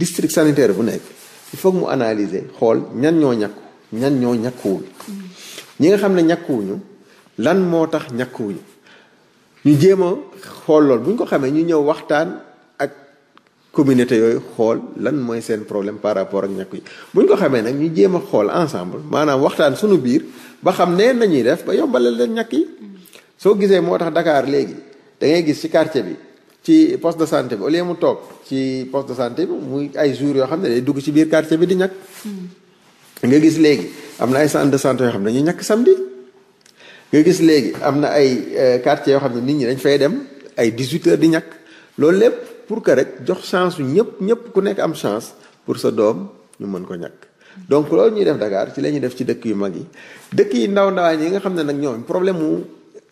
Speaker 2: district sanitaire bu nekk il mu analyser xool ñan ñoo ñàkku ñan ñoo ñàkkuwul ñi nga xam ne ñàkkuwuñu lan moo tax ñàkkuwuñu ñu jéem a xool lool bu ñu ko xamee ñu ñëw waxtaan ak communauté yooyu xool lan mooy seen problème par rapport ak ñàkku yi bu ñu ko xamee nag ñu jéem a xool ensemble maanaam waxtaan suñu biir ba xam ne nañuy def ba yombalal leen ñàkk yi soo gisee moo tax dakaar léegi da ngay gis ci quartier bi ci poste de santé bi au lieu mu toog ci poste de santé bi muy ay jours yoo xam ne day dugg ci biir quartier bi di ñàkk. Hmm. nga gis léegi am na ay centre de santé xam dañuy ñàkk samedi. nga gis léegi am na ay euh, quartier yoo xam ne nit ñi dañ fay dem ay 18 di ñàkk loolu lépp pour que rek jox chance yu ñëpp ñëpp ku nekk am chance pour sa doom ñu mën ko ñakk donc loolu ñuy def dakaar ci la ñuy def ci dëkk yu mag yi dëkk yi ndaw ndawaan yi nga xam ne nag ñoom problème mu.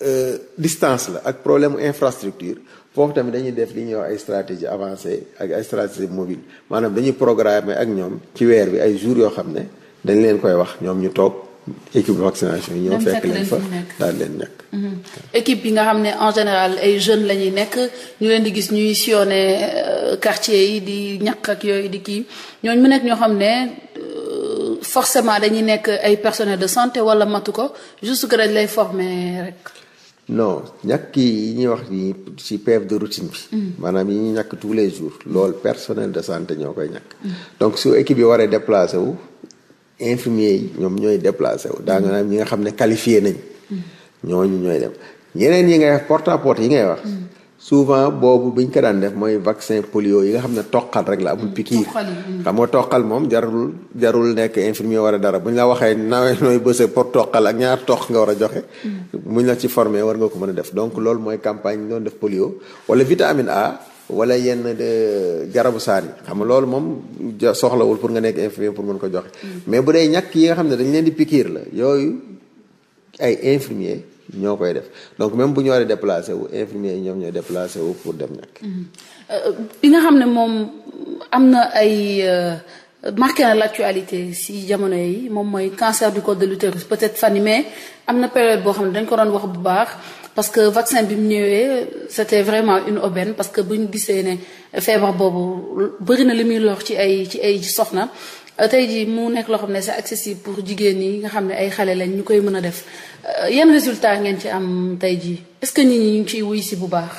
Speaker 2: Euh, distance la ak problème infrastructure foofu tamit dañuy def li ñuy wax ay stratégie avancée ak ay stratégie mobile maanaam dañuy programmer ak ñoom ci weer bi ay jours yoo xam ne dañ leen koy wax ñoom ñu toog équipe vaccination yi ñoo fekk leen fa daal leen nekk
Speaker 1: mhm. nga xam ne en général ay jeune la ñuy nekk ñu leen di gis ñuy sillonné euh, quartier yi di ñàkk ak yooyu di kii ñooñu mu nekk ñoo xam ne euh, forcément dañuy nekk ay personnel de santé wala matu ko juste que dañ lay former rek
Speaker 2: non ñàkk yi ñuy wax ni ci PV de routine bi. Mm. maanaam yi ñuy ñàkk tous les jours loolu personnel de santé ñoo koy ñàkk. Mm. donc su équipe yi waree déplacé wu infirmier yi ñoom ñooy déplacé wu daa nga ñi nga xam ne qualifié nañ. Mm. ñooñu ñooy dem ñeneen yi ngay wax porte à porte yi ngay wax. souvent boobu biñ ko daan def mooy vaccin polio yi nga xam ne toqal rek la amul mm. pikiir mm. xam nga toqal moom jarul jarul nekk infirmier war a dara ñu la waxee nawee nooy bëse pour toqal ak ñaar toq nga war a joxe mm. buñ la ci formé war nga ko mën a def donc loolu mooy campagne doon def polio wala vitamine A wala yenn garabu saar xam nga loolu moom soxlawul pour nga nekk infirmier pour mën ko joxe mais bu dee ñàkk yi nga xam ne dañ leen di pikiir la yooyu ay ñoo koy def donc même bu war waree déplacé wu infirmier yi ñoom ñooy déplacé wu pour dem nekk.
Speaker 1: Mm-hmm. Euh, bi nga xam ne moom am na ay euh, marqué na l'actualité si jamono yi moom mooy cancer du col de l'utérus peut-être fan yii mais am na période boo xam ne dañ ko doon wax bu baax. parce que vaccin bi mu ñëwee c'était vraiment une aubaine parce que bu ñu gisee ne feebar boobu bëri na li muy lor ci ay ci ay soxna Euh, tey jii mu nekk loo xam ne sa accessible pour jigéen yi nga xam ne ay xale lañ ñu koy mën a def euh, yan résultat ngeen ci am tey jii est-ce que nit ñi ñu ngi ciy wuy si bu baax.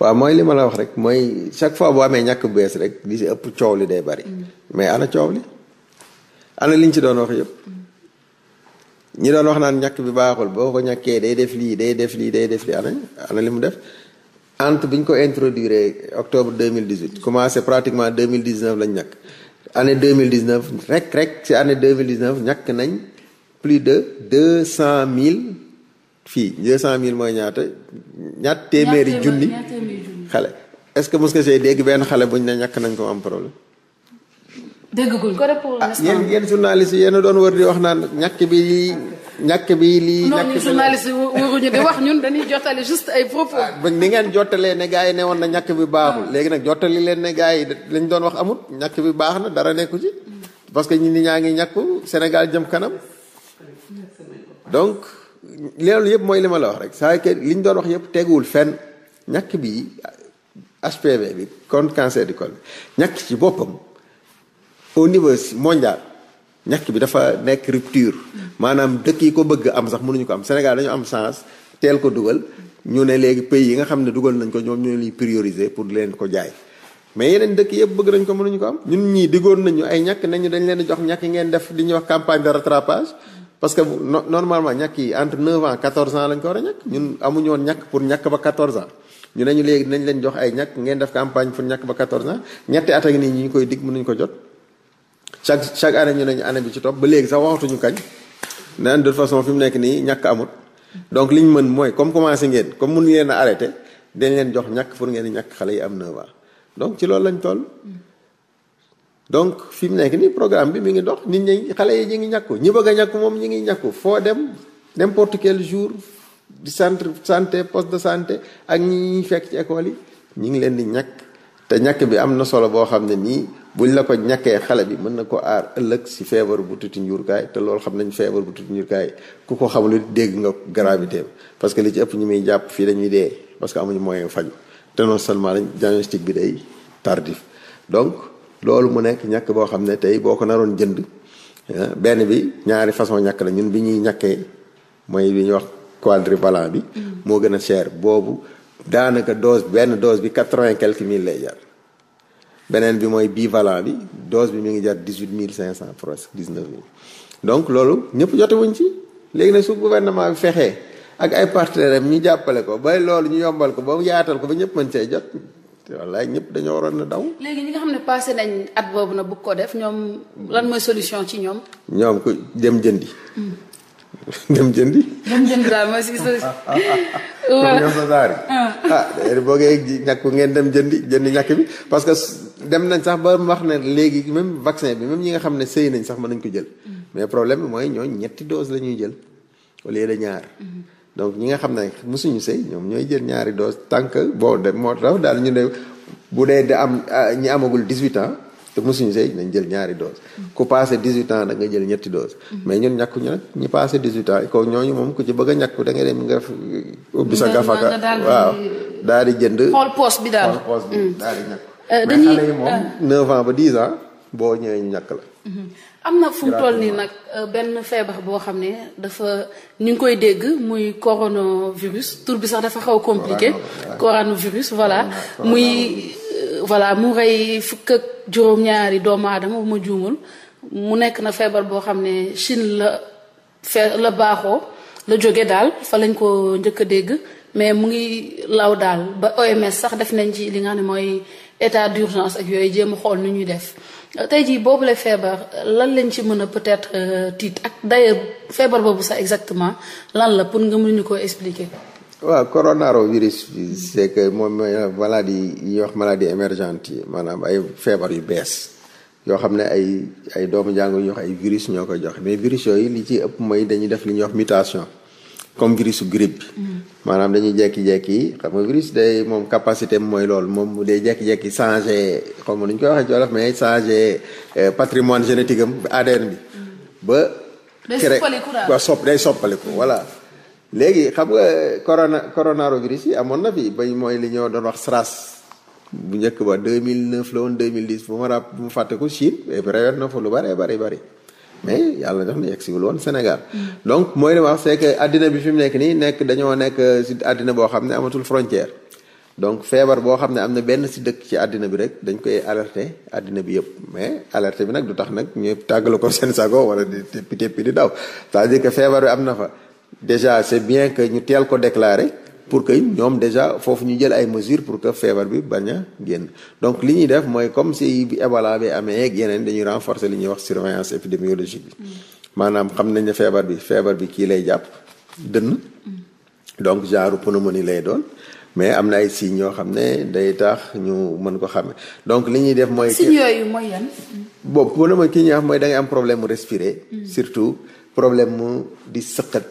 Speaker 2: waaw mooy li a la wax rek mooy chaque fois boo amee ñàkk bu bees rek li si ëpp coow li day bari. Mm. mais ana coow li ana liñ ci doon wax yëpp. Mm. ñi doon wax naan ñàkk bi baaxul boo ko ñàkkee day def lii day def lii day def lii ana ana li mu def. entre bi ñu ko introduire octobre deux mille dix huit commencé pratiquement lañ ñàkk. année deux mille dix neuf rek rek si année deux mille dix neuf ñàkk nañ plus de deux cent mille fii deux cent mille mooy ñaata ñaat téeméeri junni xale est-ce que mos nga see dégg benn xale buñ ne ñàkk nañ ko am problème.
Speaker 1: dégguñ ko yenn pour l'instant.
Speaker 2: Ah, yéen doon wër di wax naan ñàkk bi. ñàkk bi lii. ñàkk bi journaliste
Speaker 1: waruñu di wax ñun dañuy jottali juste ay propos.
Speaker 2: Ah, ni ngeen jottalee ne gaa yi ne woon na ñàkk bi baaxul. Ah. léegi nag jottali leen ne gars yi lañ doon wax amut ñàkk bi baax na dara nekku ci. parce que ñi ni ñaa ngi ñàkku Sénégal jëm kanam. donc loolu yëpp mooy li ma la wax rek saa li ñu doon wax yëpp teguwul fenn ñàkk bi HPV bi contre cancer du col ñàkk ci boppam au niveau mondial. ñàkk bi dafa nekk rupture maanaam dëkk yi ko bëgg am sax mënuñu ko am Sénégal dañu am chance teel ko dugal ñu ne léegi pays yi nga xam ne dugal nañ ko ñoom ñoo liy prioriser pour leen ko jaay mais yeneen dëkk yëpp bëgg nañ ko mënuñu ko am ñun ñii diggoon nañu ay ñàkk nañu dañ leen jox ñàkk ngeen def li ñuy wax campagne de rattrapage parce que normalement ñàkk yi entre 9 ans 14 ans lañ amuñu woon ñàkk pour ñàkk ba 14 ans ne ñu léegi dinañ leen jox ay ñàkk ngeen def campagne pour ñàkk ba 14 ans ñetti at ak nii ñu koy dig mënuñ ko jot chaque chaque année ñu ne ñu année bi ci topp ba léegi sax waxatuñu kañ naan de façon fi mu nekk nii ñàkk amut donc li ñu mën mooy comme commencé ngeen comme mënuñu leen a arrêté dañ leen jox ñàkk pour ngeen ñàkk xale yi am 9 ans donc ci loolu lañ toll. donc fi mu nekk nii programme bi mi ngi dox nit xale yi ñu ngi ñàkku ñi bëgg a moom ñi ngi ñàkku foo dem n'importe quel jour di centre santé poste de santé ak ñi ñuy fekk ci école yi ñu ngi leen di ñàkk te ñàkk bi am na solo boo xam ne nii. buñ la ko ñàkkee xale bi mën na ko aar ëllëg si feebaru bu tuuti njuurkaay te loolu xam nañ feebar bu tuuti ku ko xamul dégg nga gravité parce que li ci ëpp ñu muy jàpp fii dañuy dee parce que amuñu moyen faju te non seulement lañ diagnostic bi day tardif donc loolu mu nekk ñàkk boo xam ne tey boo ko naroon jënd benn bi ñaari façon ñàkk la ñun bi ñuy ñàkkee mooy bi ñuy wax quadrivalent bi mm. moo gën a cher boobu daanaka dose benn dose bi quatre-vingt quelque mille lay jar beneen bi mooy bivalent bi dose bi mu ngi jar dix huit mille cinq cent presque dix neuf mille donc loolu ñëpp jotewuñ ci léegi nag su gouvernement bi fexee ak ay partenaires am ñu jàppale ko ba loolu ñu yombal ko ba yaatal ko ba ñëpp mën cee jot wallaay ñëpp dañoo waroon na daw.
Speaker 1: léegi ñi nga xam ne passé nañ at boobu na bëgg ko def ñoom lan mooy solution ci ñoom.
Speaker 2: ñoom ku dem jëndi. Hmm. dem jëndi.
Speaker 1: dem jëndi daal mooy si sa. [laughs]
Speaker 2: ah boo ah, ngeen ñàkk ngeen dem jëndi jëndi ñakk bi parce que dem nañ sax ba wax ne léegi même vaccin bi même ñi nga xam ne sëy nañ sax mën nañ ko jël. Mm-hmm. mais problème bi mooy ñooñu ñetti doos la ñuy jël au lieu ñaar. Mm-hmm. donc ñi nga xam ne mosuñu sëy ñoom ñooy jël ñaari doos tant que boo de moo tax daal ñu de bu dee da am ah, ñi amagul 18 ans. te mosuñu sëy nañ jël ñaari dose mm. ku passé 18 ans da nga jël ñetti dose mm. mais ñun ñàkkuñu nag ñi passé 18 ans ko ñooñu moom ku ci bëgg a ñàkku da nga dem nga uh, ubbi sa gafaka waaw bi daal xool bi mm. daal di ñàkk
Speaker 1: euh,
Speaker 2: mais euh, ba 10 ans boo ñëwee ñu la mm-hmm.
Speaker 1: am na fu mu toll nii nag euh, benn feebar boo xam ne dafa ñu ngi koy dégg muy coronavirus tur bi sax dafa xaw compliqué coronavirus voilà muy voilà mu rey fukk ak juróom-ñaari doomu aadama bu ma juumul mu nekk na feebar boo xam ne Chine la fe la baaxoo la jóge daal fa lañ ko njëkk a dégg mais mu ngi law daal ba OMS sax def nañ ci li nga xam ne mooy état d'urgence ak yooyu jéem a xool nu ñuy def tey jii boobule feebar lan lañ ci mën a peut-être euh, tiit ak d'ailleurs feebar boobu sax exactement lan la pour nga mën ñu ko expliquer.
Speaker 2: waaw coronavirus bi c'est que moom maladie yi ñuy wax maladie émergente yi maanaam ay feebar yu bees yoo xam ne ay ay doomu jàngoro ñuy wax ay virus ñoo koy joxe mais virus yooyu li ci ëpp mooy dañuy def li ñuy wax mutation comme virusu grippe bi. Mm-hmm. maanaam dañuy jekki-jekki xam nga virus day moom capacité mooy loolu moom day jekki-jekki changé xaw ma nu ñu koy waxee ci wolof mais changé euh, patrimoine génétique am ADN bi mm-hmm. ba. day soppaliku day soppaliku voilà. léegi xam nga corona coronavirus yi amoon na fi bañ mooy li ñoo doon wax SRAS bu njëkk ba 2009 la woon 2010 bu ma ràpp bu ma fàtte ko Chine préwet na fa lu bari bari bari mais yàlla def na yegg siwul woon Sénégal mm. donc mooy li ma wax c'est bi fi mu nekk nii nekk dañoo nekk euh, si addina boo xam ne amatul frontière donc feebar boo xam ne am na benn si dëkk ci àddina bi rek dañ koy alerter àddina bi yëpp mais alerte bi nag du tax nag ñu tàggale ko seen sago wala di teppi teppi di daw c'est-à-dire que feebar bi am na fa déjà c'est bien que ñu teel ko déclarer pour que ñoom déjà foofu ñu jël ay mesures pour que feebar bi bañ a génn donc li ñuy def mooy comme si bi Ebola bi amee ak dañuy renforcer li ñuy wax surveillance épidémiologique bi maanaam xam nañ ne feebar bi feebar bi kii lay jàpp dënn donc genre pneumonie lay doon mais am na ay signes yoo xam ne day tax ñu mën ko xame donc li ñuy def mooy. signes
Speaker 1: yooyu mooy yan.
Speaker 2: boobu pneumonie ki ñuy wax mooy da am problème mu respirer. surtout problème mu di sëqat.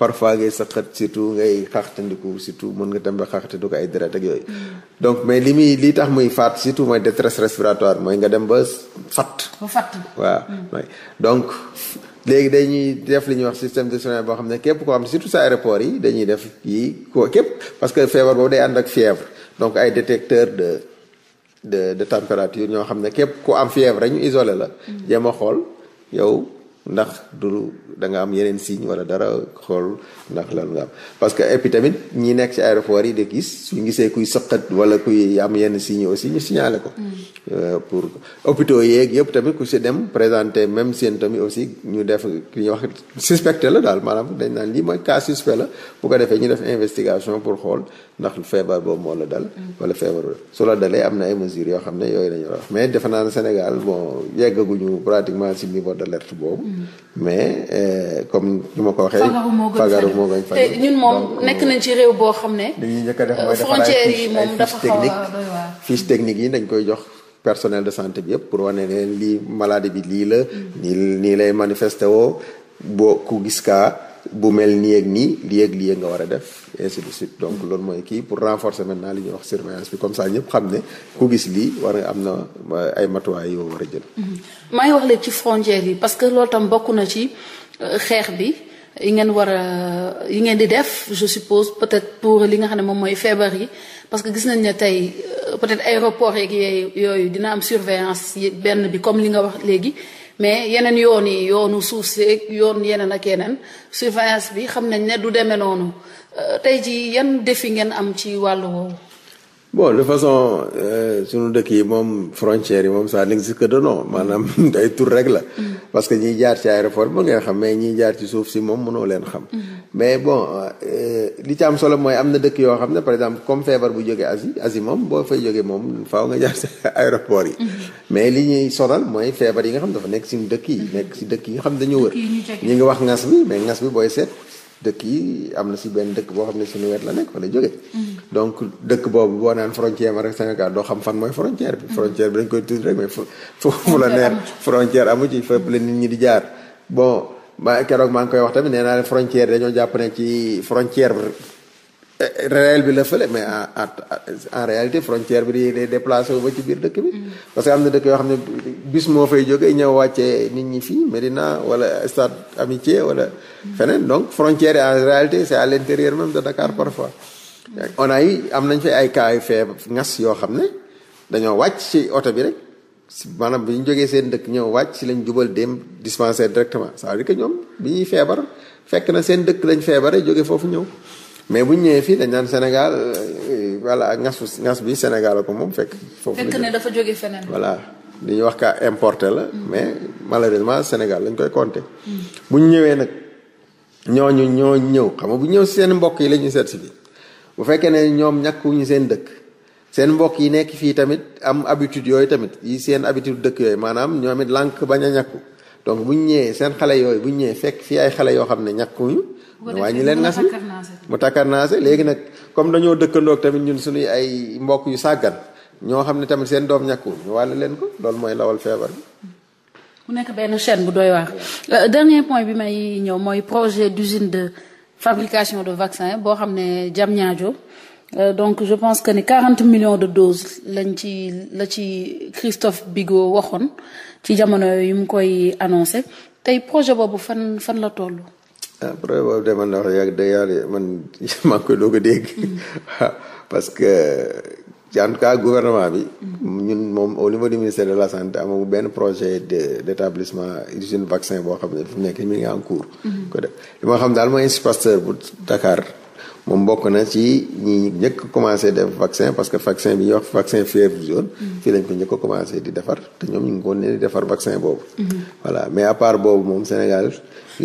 Speaker 2: parfois ngay saqat surtout ngay xaxtandiku surtout mën nga tembe xaxtandiku ay deret ak yooyu donc mais li muy li tax muy faat surtout mooy détresse respiratoire mooy nga dem ba fatt waaw hmm. donc léegi dañuy def li ñuy wax système de soins boo xam ne képp koo xam ne surtout sa aéroport yi dañuy def yi ko képp parce que feebar boobu day ànd ak fièvre donc ay détecteur de de de température ñoo xam ne képp ku am fièvre rek ñu isolé la hmm. jéem xool yow ndax du da nga am yeneen signe wala dara xool ndax lan nga am parce que et tamit ñi nekk ci aéroport yi de gis suñu gisee kuy sëqat wala kuy am yenn signe aussi ñu signalé ko. Mm. Euh, pour hôpitaux yeeg yëpp tamit ku si dem présenté même symptôme yi aussi ñu def ki ñuy wax suspecté la daal maanaam dañ naan lii mooy cas suspect la bu ko defee ñu def investigation pour xool ndax feebar boobu moo la dal. Mm. wala feebar su la dalee am na ay mesures yoo xam ne yooyu la mais defe naa ne Sénégal bon yeggaguñu pratiquement si niveau d'alerte boobu. mais euh, comme ni ma ko waxee. fagaru moo gën te ñun moom nekk nañ
Speaker 1: ci réew boo xam ne. li
Speaker 2: njëkk a def mooy frontières yi moom dafa xaw a technique yi dañ koy jox. personnel de santé bi yëpp pour wane ne lii maladie bi lii la. Mm. nii lay manifesté woo boo ku gis kaa. bu mel nii ak nii lii ak lii nga war a def ainsi de suite donc loolu mooy kii pour renforcer maintenant li ñu wax surveillance bi comme ça ñëpp xam ne ku gis lii war nga am na euh, ay matuwaay yoo war a jël.
Speaker 1: Mm-hmm. maa ngi wax léegi ci frontière yi parce que loolu tam bokk na ci euh, xeex bi yi ngeen war a yi ngeen di def je suppose peut-être pour li nga xam ne moom mooy feebar yi parce que gis nañ ne tey euh, peut-être aéroport yeeg yooyu dina am surveillance benn bi comme li nga wax léegi. mais yeneen yoon yi yoonu suuf seeg yoon yeneen ak yeneen surveillance bi xam nañ ne du demee noonu euh, tey ji yan defi ngeen am ci wàllu woowu.
Speaker 2: bon de façon euh, sunu dëkk yi moom frontière yi moom ça n'existe que de nom maanaam [laughs] ay tur rek la. Mm. parce que ñiy jaar ci aéroport ba ngay xam mais ñiy jaar ci suuf si moom mënoo leen xam. Mhm. mais bon euh, li ci am solo mooy am na dëkk yoo xam ne par exemple comme feebar bu jógee Asie Asie moom boo fay jógee moom faaw nga jaar [laughs] ci aéroport yi. Mhm. mais li ñuy sonal mooy feebar yi nga xam dafa nekk suñu dëkk yi. Mhm. nekk si dëkk yi nga xam dañu wër. ñu ngi wax ngas bi mais ngas bi booy seet. dëkk yi am na si benn dëkk boo xam ne si suñu wet la nekk fa la jógee. donc dëkk boobu boo naan frontière ma rek Sénégal doo xam fan mooy frontière bi. frontière bi dañ koy tudd rek mais foofu la neex frontière amu ci fépp la nit ñi di jaar bon ma keroog maa ngi koy wax tamit nee naa ne frontière dañoo jàpp ne ci frontière réel bi la fële mais en en réalité frontière bi day day déplacé wu ba ci biir dëkk bi. Mm. parce que am na dëkk yoo xam ne bis moo fay jógee ñëw wàccee nit ñi fii Médina wala stade Amitié wala. Mm. feneen donc frontière en réalité c' est à l' de Dakar parfois. Mm. on a yi am nañ fi ay cas yu feeb ngas yoo xam ne dañoo wàcc ci oto bi rek maanaam bi ñu jógee seen dëkk ñëw wàcc ci lañ jubal dem dispensaire directement ça veut dire ñoom bi ñuy feebar fekk na seen dëkk lañ feebare jóge foofu ñëw. mais bu ñu ñëwee fii dañ naan Sénégal euh, voilà ngas ngas bi Sénégal ko moom fekk. foofu ne
Speaker 1: dafa jóge feneen.
Speaker 2: voilà li ñuy wax kaa importé la. Mm. mais malheureusement Sénégal lañ koy compter. Mm. bu ñëwee nag ñooñu ñoo ñëw xam nga bu ñëw seen mbokk yi la ñuy seet bu fekkee ne ñoom ñàkkuñu seen dëkk seen mbokk yi nekk fii tamit am habitude yooyu tamit yi seen habitude dëkk yooyu maanaam ñoom lànk bañ a ñàkku donc bu ñu ñëwee seen xale yooyu bu ñu ñëwee fekk fii ay xale yoo xam ne ñàkkuñu. wàññi leen nas mu takkarnaase léegi nag comme dañoo dëkkandoog tamit ñun suñuy ay mbokk yu sàggan ñoo xam ne tamit seen doom ñàkkul ñu wàll leen ko loolu mooy lawal feebar bi
Speaker 1: mu nekk benn chaîne bu dooy wax euh, dernier point bi may ñëw mooy projet d'usine de fabrication de vaccin boo xam ne Diamniadio euh, donc je pense que ni 40 millions de doses lañ ci la ci Christophe Bigot waxoon ci jamono yu mu koy annoncé tey projet boobu fan fan la toll
Speaker 2: ah problème de man wax yàgg de yàlla man [laughs] maa ngi koy doog a dégg mm. [laughs] parce que en tout cas gouvernement bi. ñun moom au niveau du ministère de la santé amagu benn projet de d' établissement usine vaccin boo xam ne fi mu nekk mi nga en cours. Mm-hmm. ko ma xam daal mooy Institut Pasteur bu Dakar. moom bokk na ci ñi njëkk commencé def vaccin parce que vaccin bi ñu wax vaccin fièvre jaune. Mm-hmm. fii lañ ko njëkk a di defar te ñoom ñu ngi ko di defar vaccin boobu. Mm-hmm. voilà mais à boobu moom Sénégal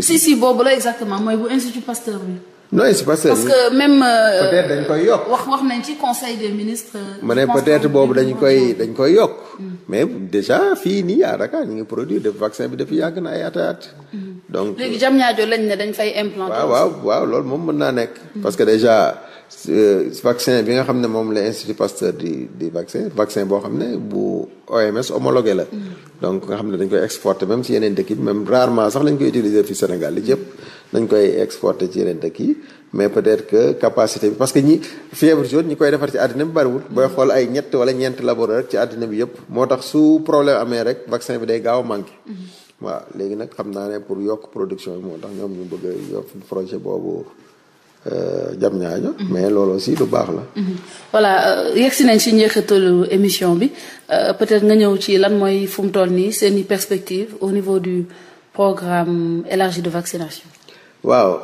Speaker 1: si si boobu la exactement mooy bu institut Pasteur bi.
Speaker 2: non institut Pasteur bi parce que
Speaker 1: même. Euh, peut dañ koy yokk wax wax nañ ci conseil des ministres. Euh, ma ne peut
Speaker 2: boobu dañ koy dañ koy yokk. Mm. mais déjà fii ni à Dakar ñu ngi produire de vaccin bi depuis yàgg na ay at at. Mm. donc léegi
Speaker 1: Diamniadio lañ ne dañ fay implanter. waaw
Speaker 2: waaw waaw moom mën naa nekk. Mm. parce que déjà. Euh, vaccin bi nga xam ne moom la institut Pasteur di di vaccin vaccin boo xam ne bu OMS homologué la. Mm. donc nga xam ne dañ koy exporter même si yeneen dëkk yi même rarement sax lañ koy utiliser fi Sénégal li yëpp dañ koy exporter ci yeneen dëkk mais peut que capacité bi parce que ñi fièvre jaune ñi koy defar ci àddina bi bariwul. Mm. booy xool ay ñett wala ñeent laboratoire rek ci àddina bi yëpp moo tax su problème amee rek vaccin bi day gaaw a manqué. Mm-hmm. waaw léegi nag xam naa ne pour yokk production bi moo tax ñoom ñu bëgg Euh, jam ñaajo mhm. mais loolu aussi lu baax la. Mhm.
Speaker 1: voilà euh, yegsi nañ ci njeexitalu émission bi euh, peut-être nga ñëw ci lan mooy fu mu toll nii seen i perspective au niveau du programme élargi de vaccination.
Speaker 2: waaw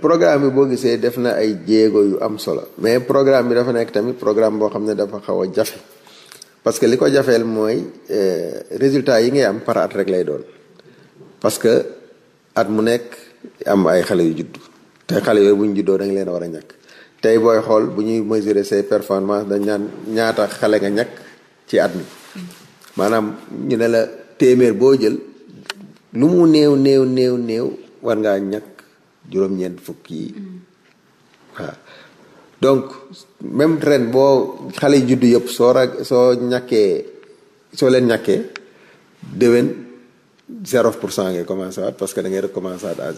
Speaker 2: programme bi boo gisee def na ay jéego yu am solo mais programme bi dafa nekk tamit programme boo xam ne dafa xaw a jafe parce que li ko jafeel mooy résultat yi ngay am par at rek lay doon parce que at mu nekk am ay xale yu juddu. te xale yooyu bu ñu juddoo da leen war a ñàkk tey booy xool bu ñuy mesurer say performance dañ naan ñaata xale nga ñàkk ci at maanaam ñu ne la téeméer boo jël lu mu néew néew néew néew war ngaa ñakk juróom-ñeent fukk yi waaw donc même ren boo xale juddu yëpp soo rag soo ñàkkee soo leen ñàkkee déwén zéro pour cent ngay commencé waat parce que da ngay recommencer à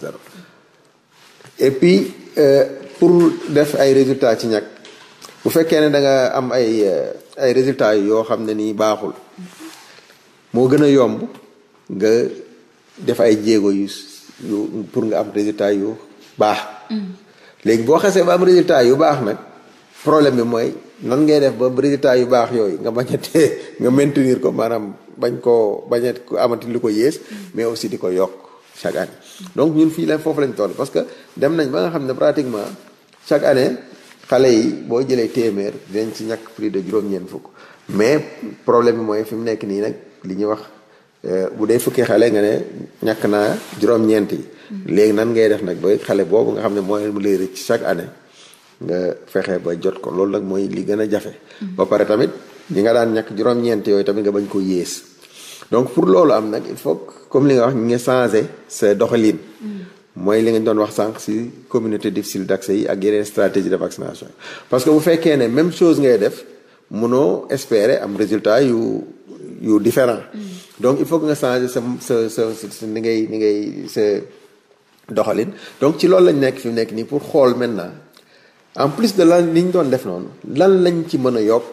Speaker 2: et puis euh, pour def ay résultats ci ñag bu fekkee ne da nga am ay euh, ay résultats yoo xam ne nii baaxul moo gën a yomb nga def ay jéego yu yu pour nga am résultats yu baax. Mm-hmm. léegi boo xasee ba am résultats yu baax nag problème bi mooy nan ngay def ba résultats yu baax yooyu nga bañ a [laughs] nga maintenir ko maanaam bañ koo bañ ko amati lu ko yées mm-hmm. mais aussi di ko yokk. chaque année donc ñun fii la foofu lañ toll parce que dem nañ ba nga xam ne pratiquement chaque année xale yi boo jëlee téeméer dinañ ci ñàkk prix de juróom-ñeent fukk mais problème bi mooy fi mu nekk nii nag li ñuy wax euh, bu dee fukki xale nga ne ñàkk naa juróom-ñeent yi léegi nan ngay def nag ba xale boobu nga xam ne mooy mu lay rëcc ci chaque année nga fexe ba jot ko loolu nag mooy li gën a jafe ba pare tamit ñi nga daan ñàkk juróom-ñeent yooyu tamit nga bañ ko yées comme li nga wax nga ngi changé sa doxalin. mooy li nga doon wax sànq si communauté difficile d'accès yi ak yeneen stratégie de vaccination parce que bu fekkee ne même chose ngay def munoo espérer am résultat yu yu différent donc il faut que nga changé sa sa sa ni ngay ni ngay sa doxalin donc ci loolu lañ nekk fi nekk nii pour xool maintenant en plus de lan liñ doon def noonu lan lañ ci mën a yokk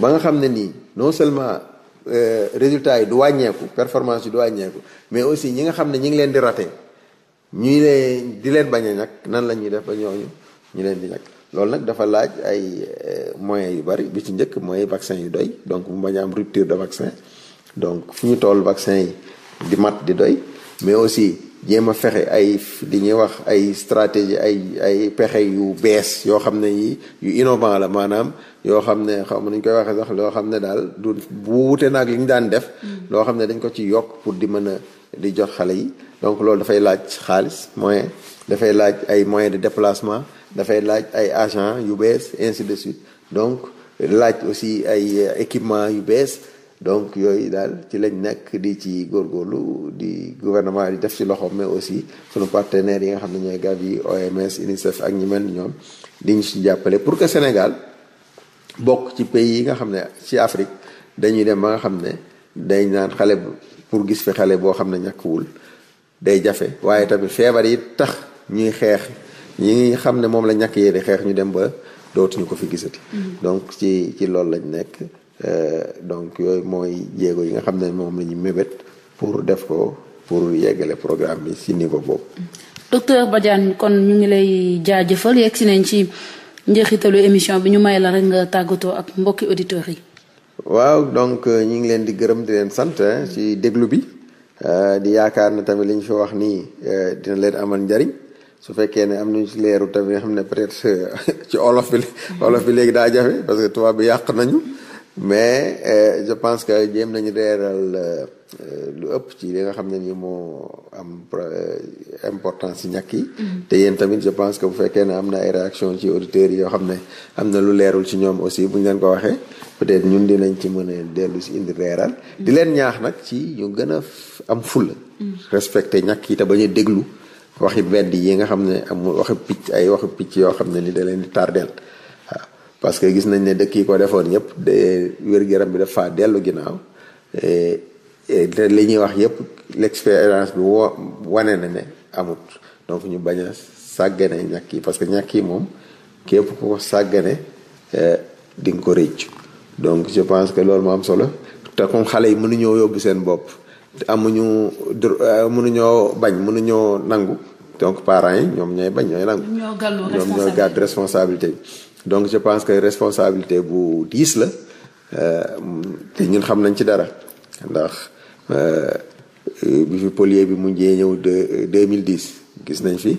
Speaker 2: ba nga xam ne nii non seulement Euh, résultats yi du wàññeeku performance yi du wàññeeku mais aussi ñi nga xam ne ñi ngi leen di raté ñuy leen di leen bañ a ñàkk nan la ñuy def ba ñooñu ñu leen di ñàkk loolu nag dafa laaj ay euh, moyens yu bari bi ci njëkk mooy vaccin yu doy donc mu bañ a am rupture de vaccin donc fu ñu toll vaccin yi di mat di doy mais aussi jéem a fexe ay di ñuy wax ay stratégie ay ay pexe yu bees yoo xam ne yi yu innovant la maanaam yoo xam ne xaw ma nañ koy waxee sax loo xam ne daal du bu wute naag li ñu daan def mm. loo xam ne dañ ko ci yokk pour di mën a di jot xale yi donc loolu dafay laaj xaalis moyen dafay laaj ay moyen de déplacement dafay laaj ay agent yu bees ainsi de suite donc laaj aussi ay équipement yu bees donc yooyu daal ci lañ nekk di ci góor góorgóorlu di gouvernement di def ci loxoom mais aussi sunu partenaires yi nga xam ne ñooy Gavi OMS UNICEF ak ñi mel ñoom di ñu ci jàppale pour que Sénégal bokk ci pays yi nga xam ne ci Afrique dañuy dem ba nga xam ne day naan xale pour gis fi xale boo xam ne ñàkkwul day jafe waaye tamit feebar yi tax ñuy xeex ñi xam ne moom la ñàkk yee xeex ñu dem ba dootuñu ko fi gisati. Mm-hmm. donc ci ci loolu lañ nekk euh, donc yooyu mooy jéego yi nga xam ne moom la ñu mébét pour def ko pour yeggale programme bi ci niveau boobu.
Speaker 1: Mm-hmm. docteur Badiane kon ñu ngi lay jaajëfal yegg si nañ ci. njeexitalu émission bi ñu may la rek nga tàggatoo ak mbokki auditeurs yi.
Speaker 2: waaw donc euh, ñu ngi leen di gërëm di leen sant ci déglu bi euh, di yaakaar ne tamit li ñu fi wax nii euh, dina leen amal njariñ su fekkee ne am nañu ci leeru tamit xam ne peut-être [laughs] ci olof bi olof bi léegi daa jafe parce que tubaab bi yàq nañu mais je pense que jéem nañu leeral. Euh, lu ëpp ci li nga xam ne nii moo am euh, importance ci ñàkk yi. te yéen tamit je pense que bu fekkee ne am na ay réaction ci auditeurs yi yoo xam ne am na lu leerul ci ñoom aussi bu ñu leen ko waxee peut-être ñun dinañ ci mën a dellu si indi leeral. di leen ñaax nag ci ñu gën a am fulla respecté ñàkk yi te bañ a déglu waxi bedd yi nga xam ne amul waxi picc ay waxi picc yoo xam ne ni da leen di tardeel. parce que gis nañ ne dëkk yi ko defoon yëpp de wér-gu-yaram bi dafa dellu ginnaaw. li ñuy wax yépp l'expérience bi woo wane na ne amut donc ñu bañ a sàggane ñàkk yi parce que ñàkk yi moom képp ku ko sàggane eh, di nga ko rëcc donc je pense que loolu moo am solo te comme xale yi mënuñoo yóbbu seen bopp te amuñu eh, mënuñoo bañ mënuñoo nangu donc parents yi ñoom ñooy bañ ñooy nangu
Speaker 1: ñoom ñoo
Speaker 2: gàddu responsabilité bi donc je pense que responsabilité bu diis la eh, te ñun xam nañ ci dara ndax euh, bi fi polier bi mujjee ñëw de mille 2010 gis nañ fi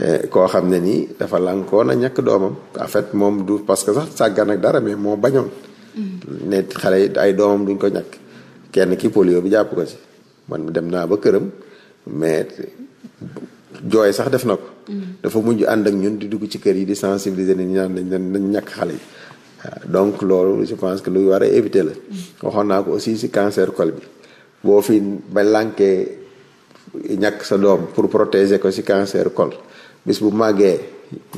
Speaker 2: euh, koo xam ne nii dafa lànkoon a ñàkk doomam en fait moom du parce que sax sàggan ak dara mais moo bañoon
Speaker 4: mm-hmm.
Speaker 2: ne xale yi ay doomam duñ ko ñakk kenn ki polio bi jàpp ko ci man dem naa ba këram mais jooy sax def na ko mm-hmm. dafa mujj ànd ak ñun di dugg ci kër yi di sensibiliser nit ñi naan dañ ñàkk xale yi donc loolu je pense que lu war a éviter la. waxoon naa ko aussi ci cancer col bi boo fii ba lànkee ñàkk sa doom pour protéger ko ci cancer col bis bu màggee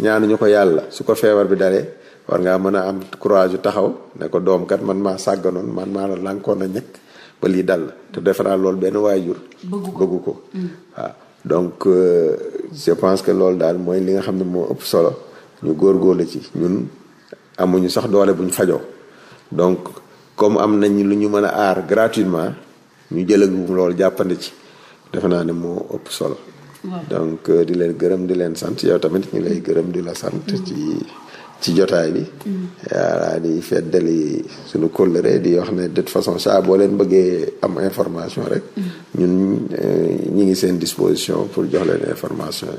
Speaker 2: ñaanuñu ko yàlla su ko feebar bi dalee war ngaa mën a am courage taxaw ne ko doom kat man ma sàgganoon man maa la lànkoon a ñàkk ba lii dal te defaraa naa loolu benn waajur. bëggu ko mm. waaw donc euh, je pense que loolu daal mooy li nga xam ne moo ëpp solo ñu góorgóorlu ci ñun. amuñu sax doole buñ fajoo donc comme am nañ lu ñu mën a aar gratuitement ñu jëlagum loolu jàppande ci def naa ne moo ëpp solo. donc euh, di leen gërëm di leen sant tamit ñu lay gërëm di la sant mm. ci ci jotaay li voilà mm. di feddali suñu kóllëre di wax ne de toute façon saa boo leen bëggee am information rek. Mm. ñun euh, ñi ngi seen disposition pour jox leen information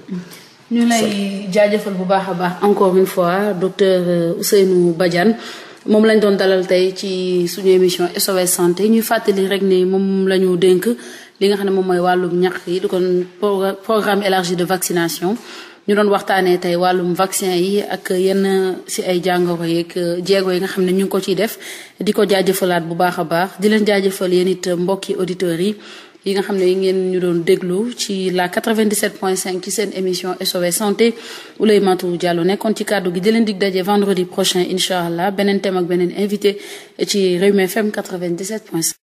Speaker 1: ñu lay jaajëfal bu baax a baax encore une fois docteur euh, seenu Badiane moom lañ doon dalal tey ci suñu émission SOS santé ñuy fàttali rek ne moom la ñu dénk li nga xam ne moom mooy wàllum ñax yi di kon programme élargi de vaccination ñu doon waxtaanee tey wàllum vaccin yi ak yenn ci ay jàngoro yeeg euh, jéego yi nga xam ne ñu ngi ko ciy def di ko jaajëfalaat bu baax a baax di leen jaajëfal yéen it mbokki auditeurs yi. yi nga xam ne yi ngeen ñu doon déglu ci la 97.5 ci seen émission SOS santé Ouleymatou Diallo nekkoon ci kàddu gi di leen dig daje vendredi prochain incha allah beneen thème ak beneen invité ci Rewmi FM 97.5.